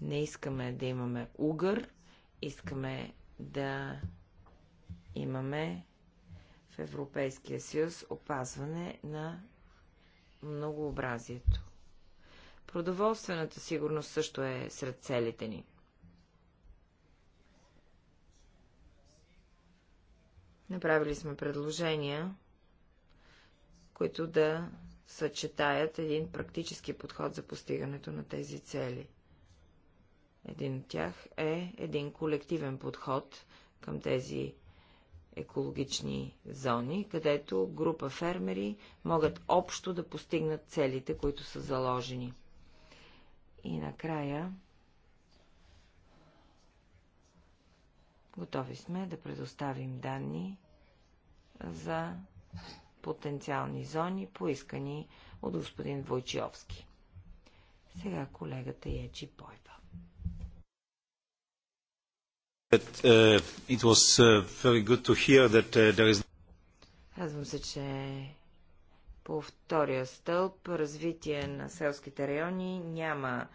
Не искаме да имаме угър, искаме да имаме в Европейския съюз опазване на многообразието. Продоволствената сигурност също е сред целите ни. Направили сме предложения които да съчетаят един практически подход за постигането на тези цели. Един от тях е един колективен подход към тези екологични зони, където група фермери могат общо да постигнат целите, които са заложени. И накрая готови сме да предоставим данни за потенциални зони, поискани от господин Войчиовски. Сега колегата Ячи Пойва. Uh, uh, uh, is... Радвам се, че по втория стълб развитие на селските райони няма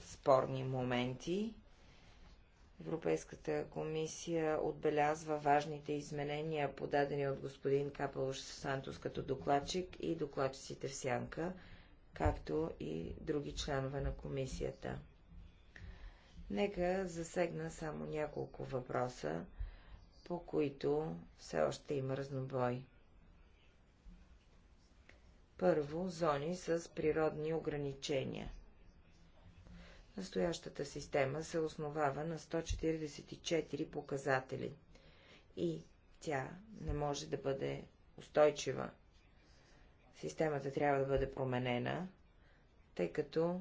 спорни моменти. Европейската комисия отбелязва важните изменения, подадени от господин Капалош Сантос като докладчик и докладчиците в сянка, както и други членове на комисията. Нека засегна само няколко въпроса, по които все още има разнобой. Първо, зони с природни ограничения – Настоящата система се основава на 144 показатели и тя не може да бъде устойчива. Системата трябва да бъде променена, тъй като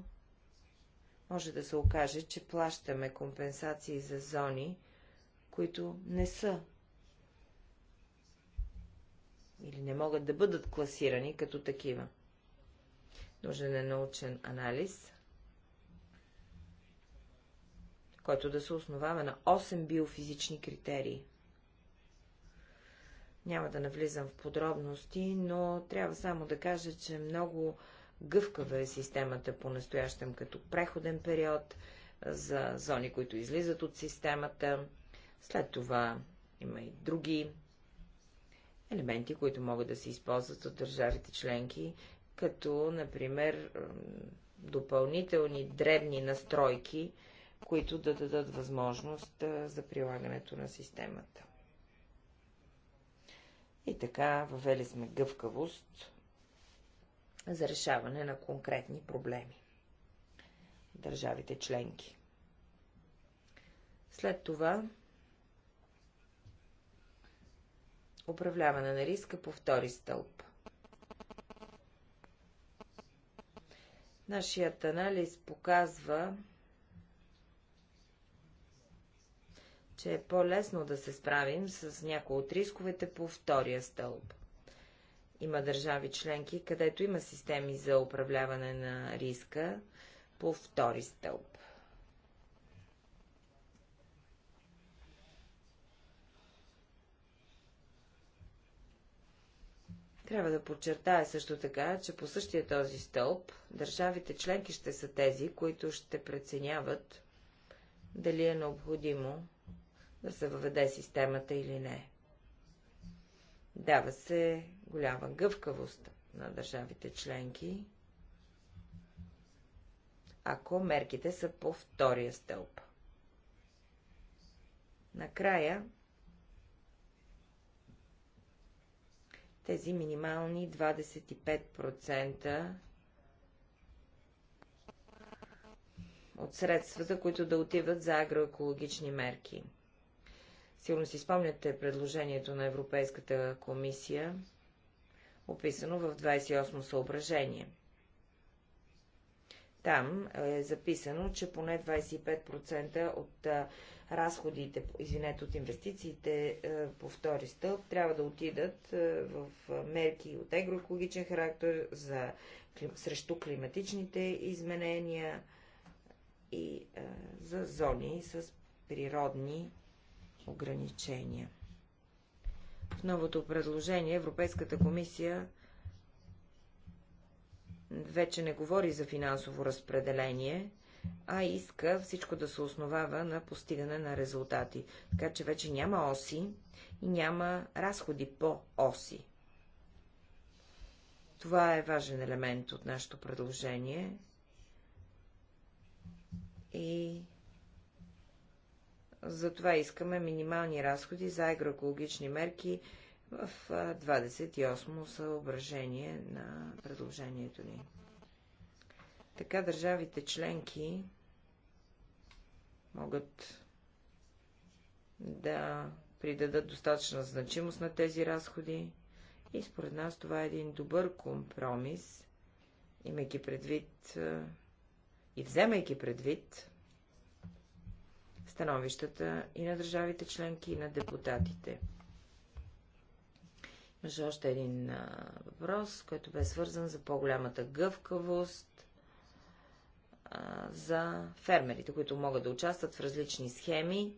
може да се окаже, че плащаме компенсации за зони, които не са или не могат да бъдат класирани като такива. Нужен е научен анализ който да се основава на 8 биофизични критерии. Няма да навлизам в подробности, но трябва само да кажа, че много гъвкава е системата по-настоящем като преходен период за зони, които излизат от системата. След това има и други елементи, които могат да се използват от държавите членки, като, например, допълнителни дребни настройки които да дадат възможност за прилагането на системата. И така въвели сме гъвкавост за решаване на конкретни проблеми. Държавите членки. След това управляване на риска по втори стълб. Нашият анализ показва, че е по-лесно да се справим с някои от рисковете по втория стълб. Има държави членки, където има системи за управляване на риска по втори стълб. Трябва да подчертая също така, че по същия този стълб държавите членки ще са тези, които ще преценяват дали е необходимо да се въведе системата или не. Дава се голяма гъвкавост на държавите членки, ако мерките са по втория стълб. Накрая тези минимални 25% от средствата, които да отиват за агроекологични мерки. Сигурно си спомняте предложението на Европейската комисия, описано в 28 съображение. Там е записано, че поне 25% от разходите, извинете, от инвестициите по втори стълб трябва да отидат в мерки от агроекологичен характер за, срещу климатичните изменения и за зони с природни ограничения. В новото предложение Европейската комисия вече не говори за финансово разпределение, а иска всичко да се основава на постигане на резултати. Така че вече няма оси и няма разходи по оси. Това е важен елемент от нашето предложение и затова искаме минимални разходи за агроекологични мерки в 28 съображение на предложението ни. Така държавите членки могат да придадат достатъчна значимост на тези разходи и според нас това е един добър компромис, имайки предвид и вземайки предвид становищата и на държавите членки, и на депутатите. Имаше още един а, въпрос, който бе свързан за по-голямата гъвкавост а, за фермерите, които могат да участват в различни схеми.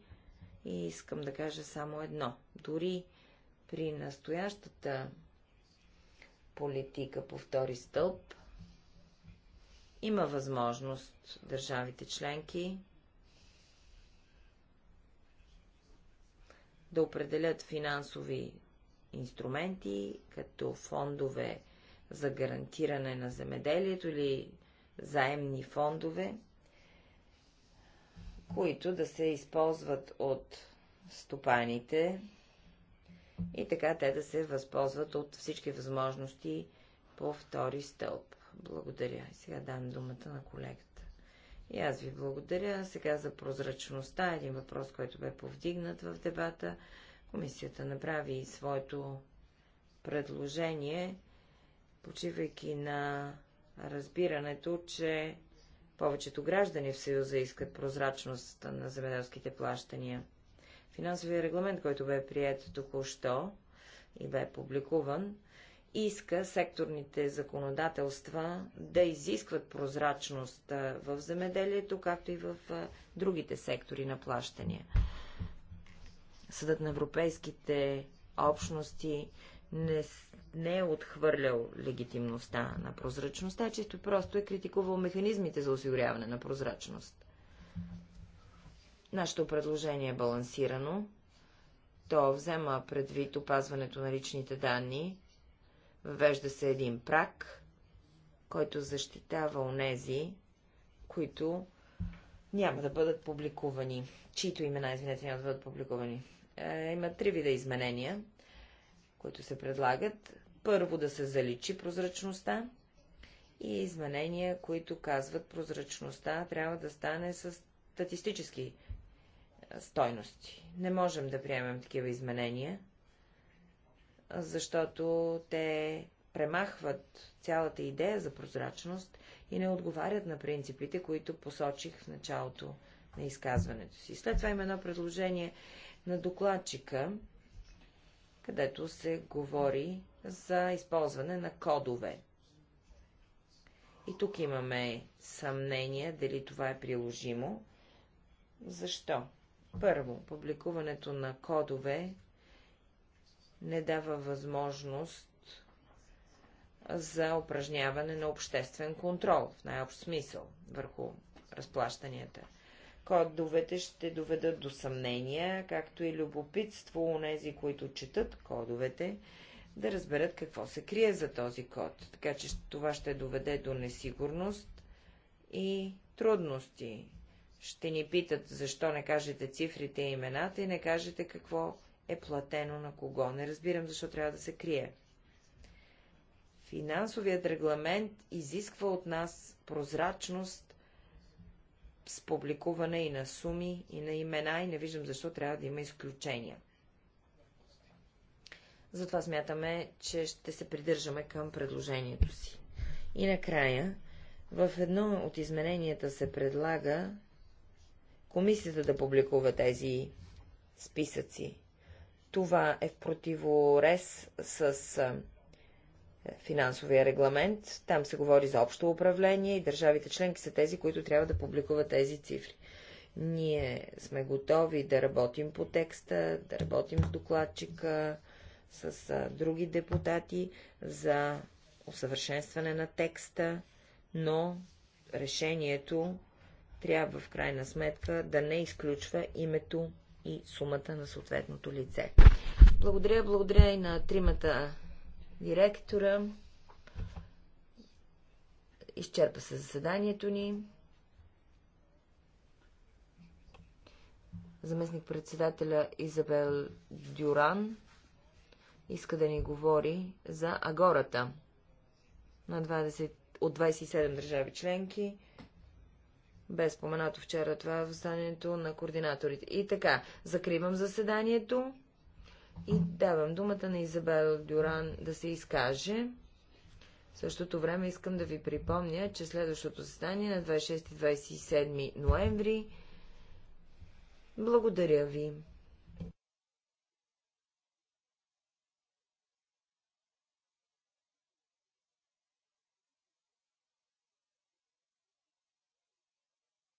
И искам да кажа само едно. Дори при настоящата политика по втори стълб има възможност държавите членки да определят финансови инструменти, като фондове за гарантиране на земеделието или заемни фондове, които да се използват от стопаните и така те да се възползват от всички възможности по втори стълб. Благодаря. Сега дам думата на колегата. И аз ви благодаря. Сега за прозрачността, един въпрос, който бе повдигнат в дебата. Комисията направи своето предложение, почивайки на разбирането, че повечето граждани в Съюза искат прозрачност на земеделските плащания. Финансовия регламент, който бе прият току-що и бе публикуван, иска секторните законодателства да изискват прозрачност в земеделието, както и в другите сектори на плащания. Съдът на европейските общности не, не е отхвърлял легитимността на прозрачността, чисто просто е критикувал механизмите за осигуряване на прозрачност. Нашето предложение е балансирано. То взема предвид опазването на личните данни, Вежда се един прак, който защитава онези, които няма да бъдат публикувани, чието имена, извинете, няма да бъдат публикувани. Е, има три вида изменения, които се предлагат. Първо да се заличи прозрачността и изменения, които казват прозрачността трябва да стане с статистически стойности. Не можем да приемем такива изменения, защото те премахват цялата идея за прозрачност и не отговарят на принципите, които посочих в началото на изказването си. След това има едно предложение на докладчика, където се говори за използване на кодове. И тук имаме съмнение дали това е приложимо. Защо? Първо, публикуването на кодове не дава възможност за упражняване на обществен контрол, в най-общ смисъл, върху разплащанията. Кодовете ще доведат до съмнения, както и любопитство у нези, които четат кодовете, да разберат какво се крие за този код. Така че това ще доведе до несигурност и трудности. Ще ни питат, защо не кажете цифрите и имената и не кажете какво е платено на кого. Не разбирам защо трябва да се крие. Финансовият регламент изисква от нас прозрачност с публикуване и на суми, и на имена, и не виждам защо трябва да има изключения. Затова смятаме, че ще се придържаме към предложението си. И накрая, в едно от измененията се предлага комисията да публикува тези списъци. Това е в противорез с финансовия регламент. Там се говори за общо управление и държавите членки са тези, които трябва да публикуват тези цифри. Ние сме готови да работим по текста, да работим с докладчика, с други депутати за усъвършенстване на текста, но решението трябва в крайна сметка да не изключва името и сумата на съответното лице. Благодаря, благодаря и на тримата директора. Изчерпа се заседанието ни. Заместник-председателя Изабел Дюран иска да ни говори за агората на 20, от 27 държави членки бе споменато вчера това е в заседанието на координаторите. И така, закривам заседанието и давам думата на Изабел Дюран да се изкаже. В същото време искам да ви припомня, че следващото заседание на 26-27 ноември. Благодаря ви.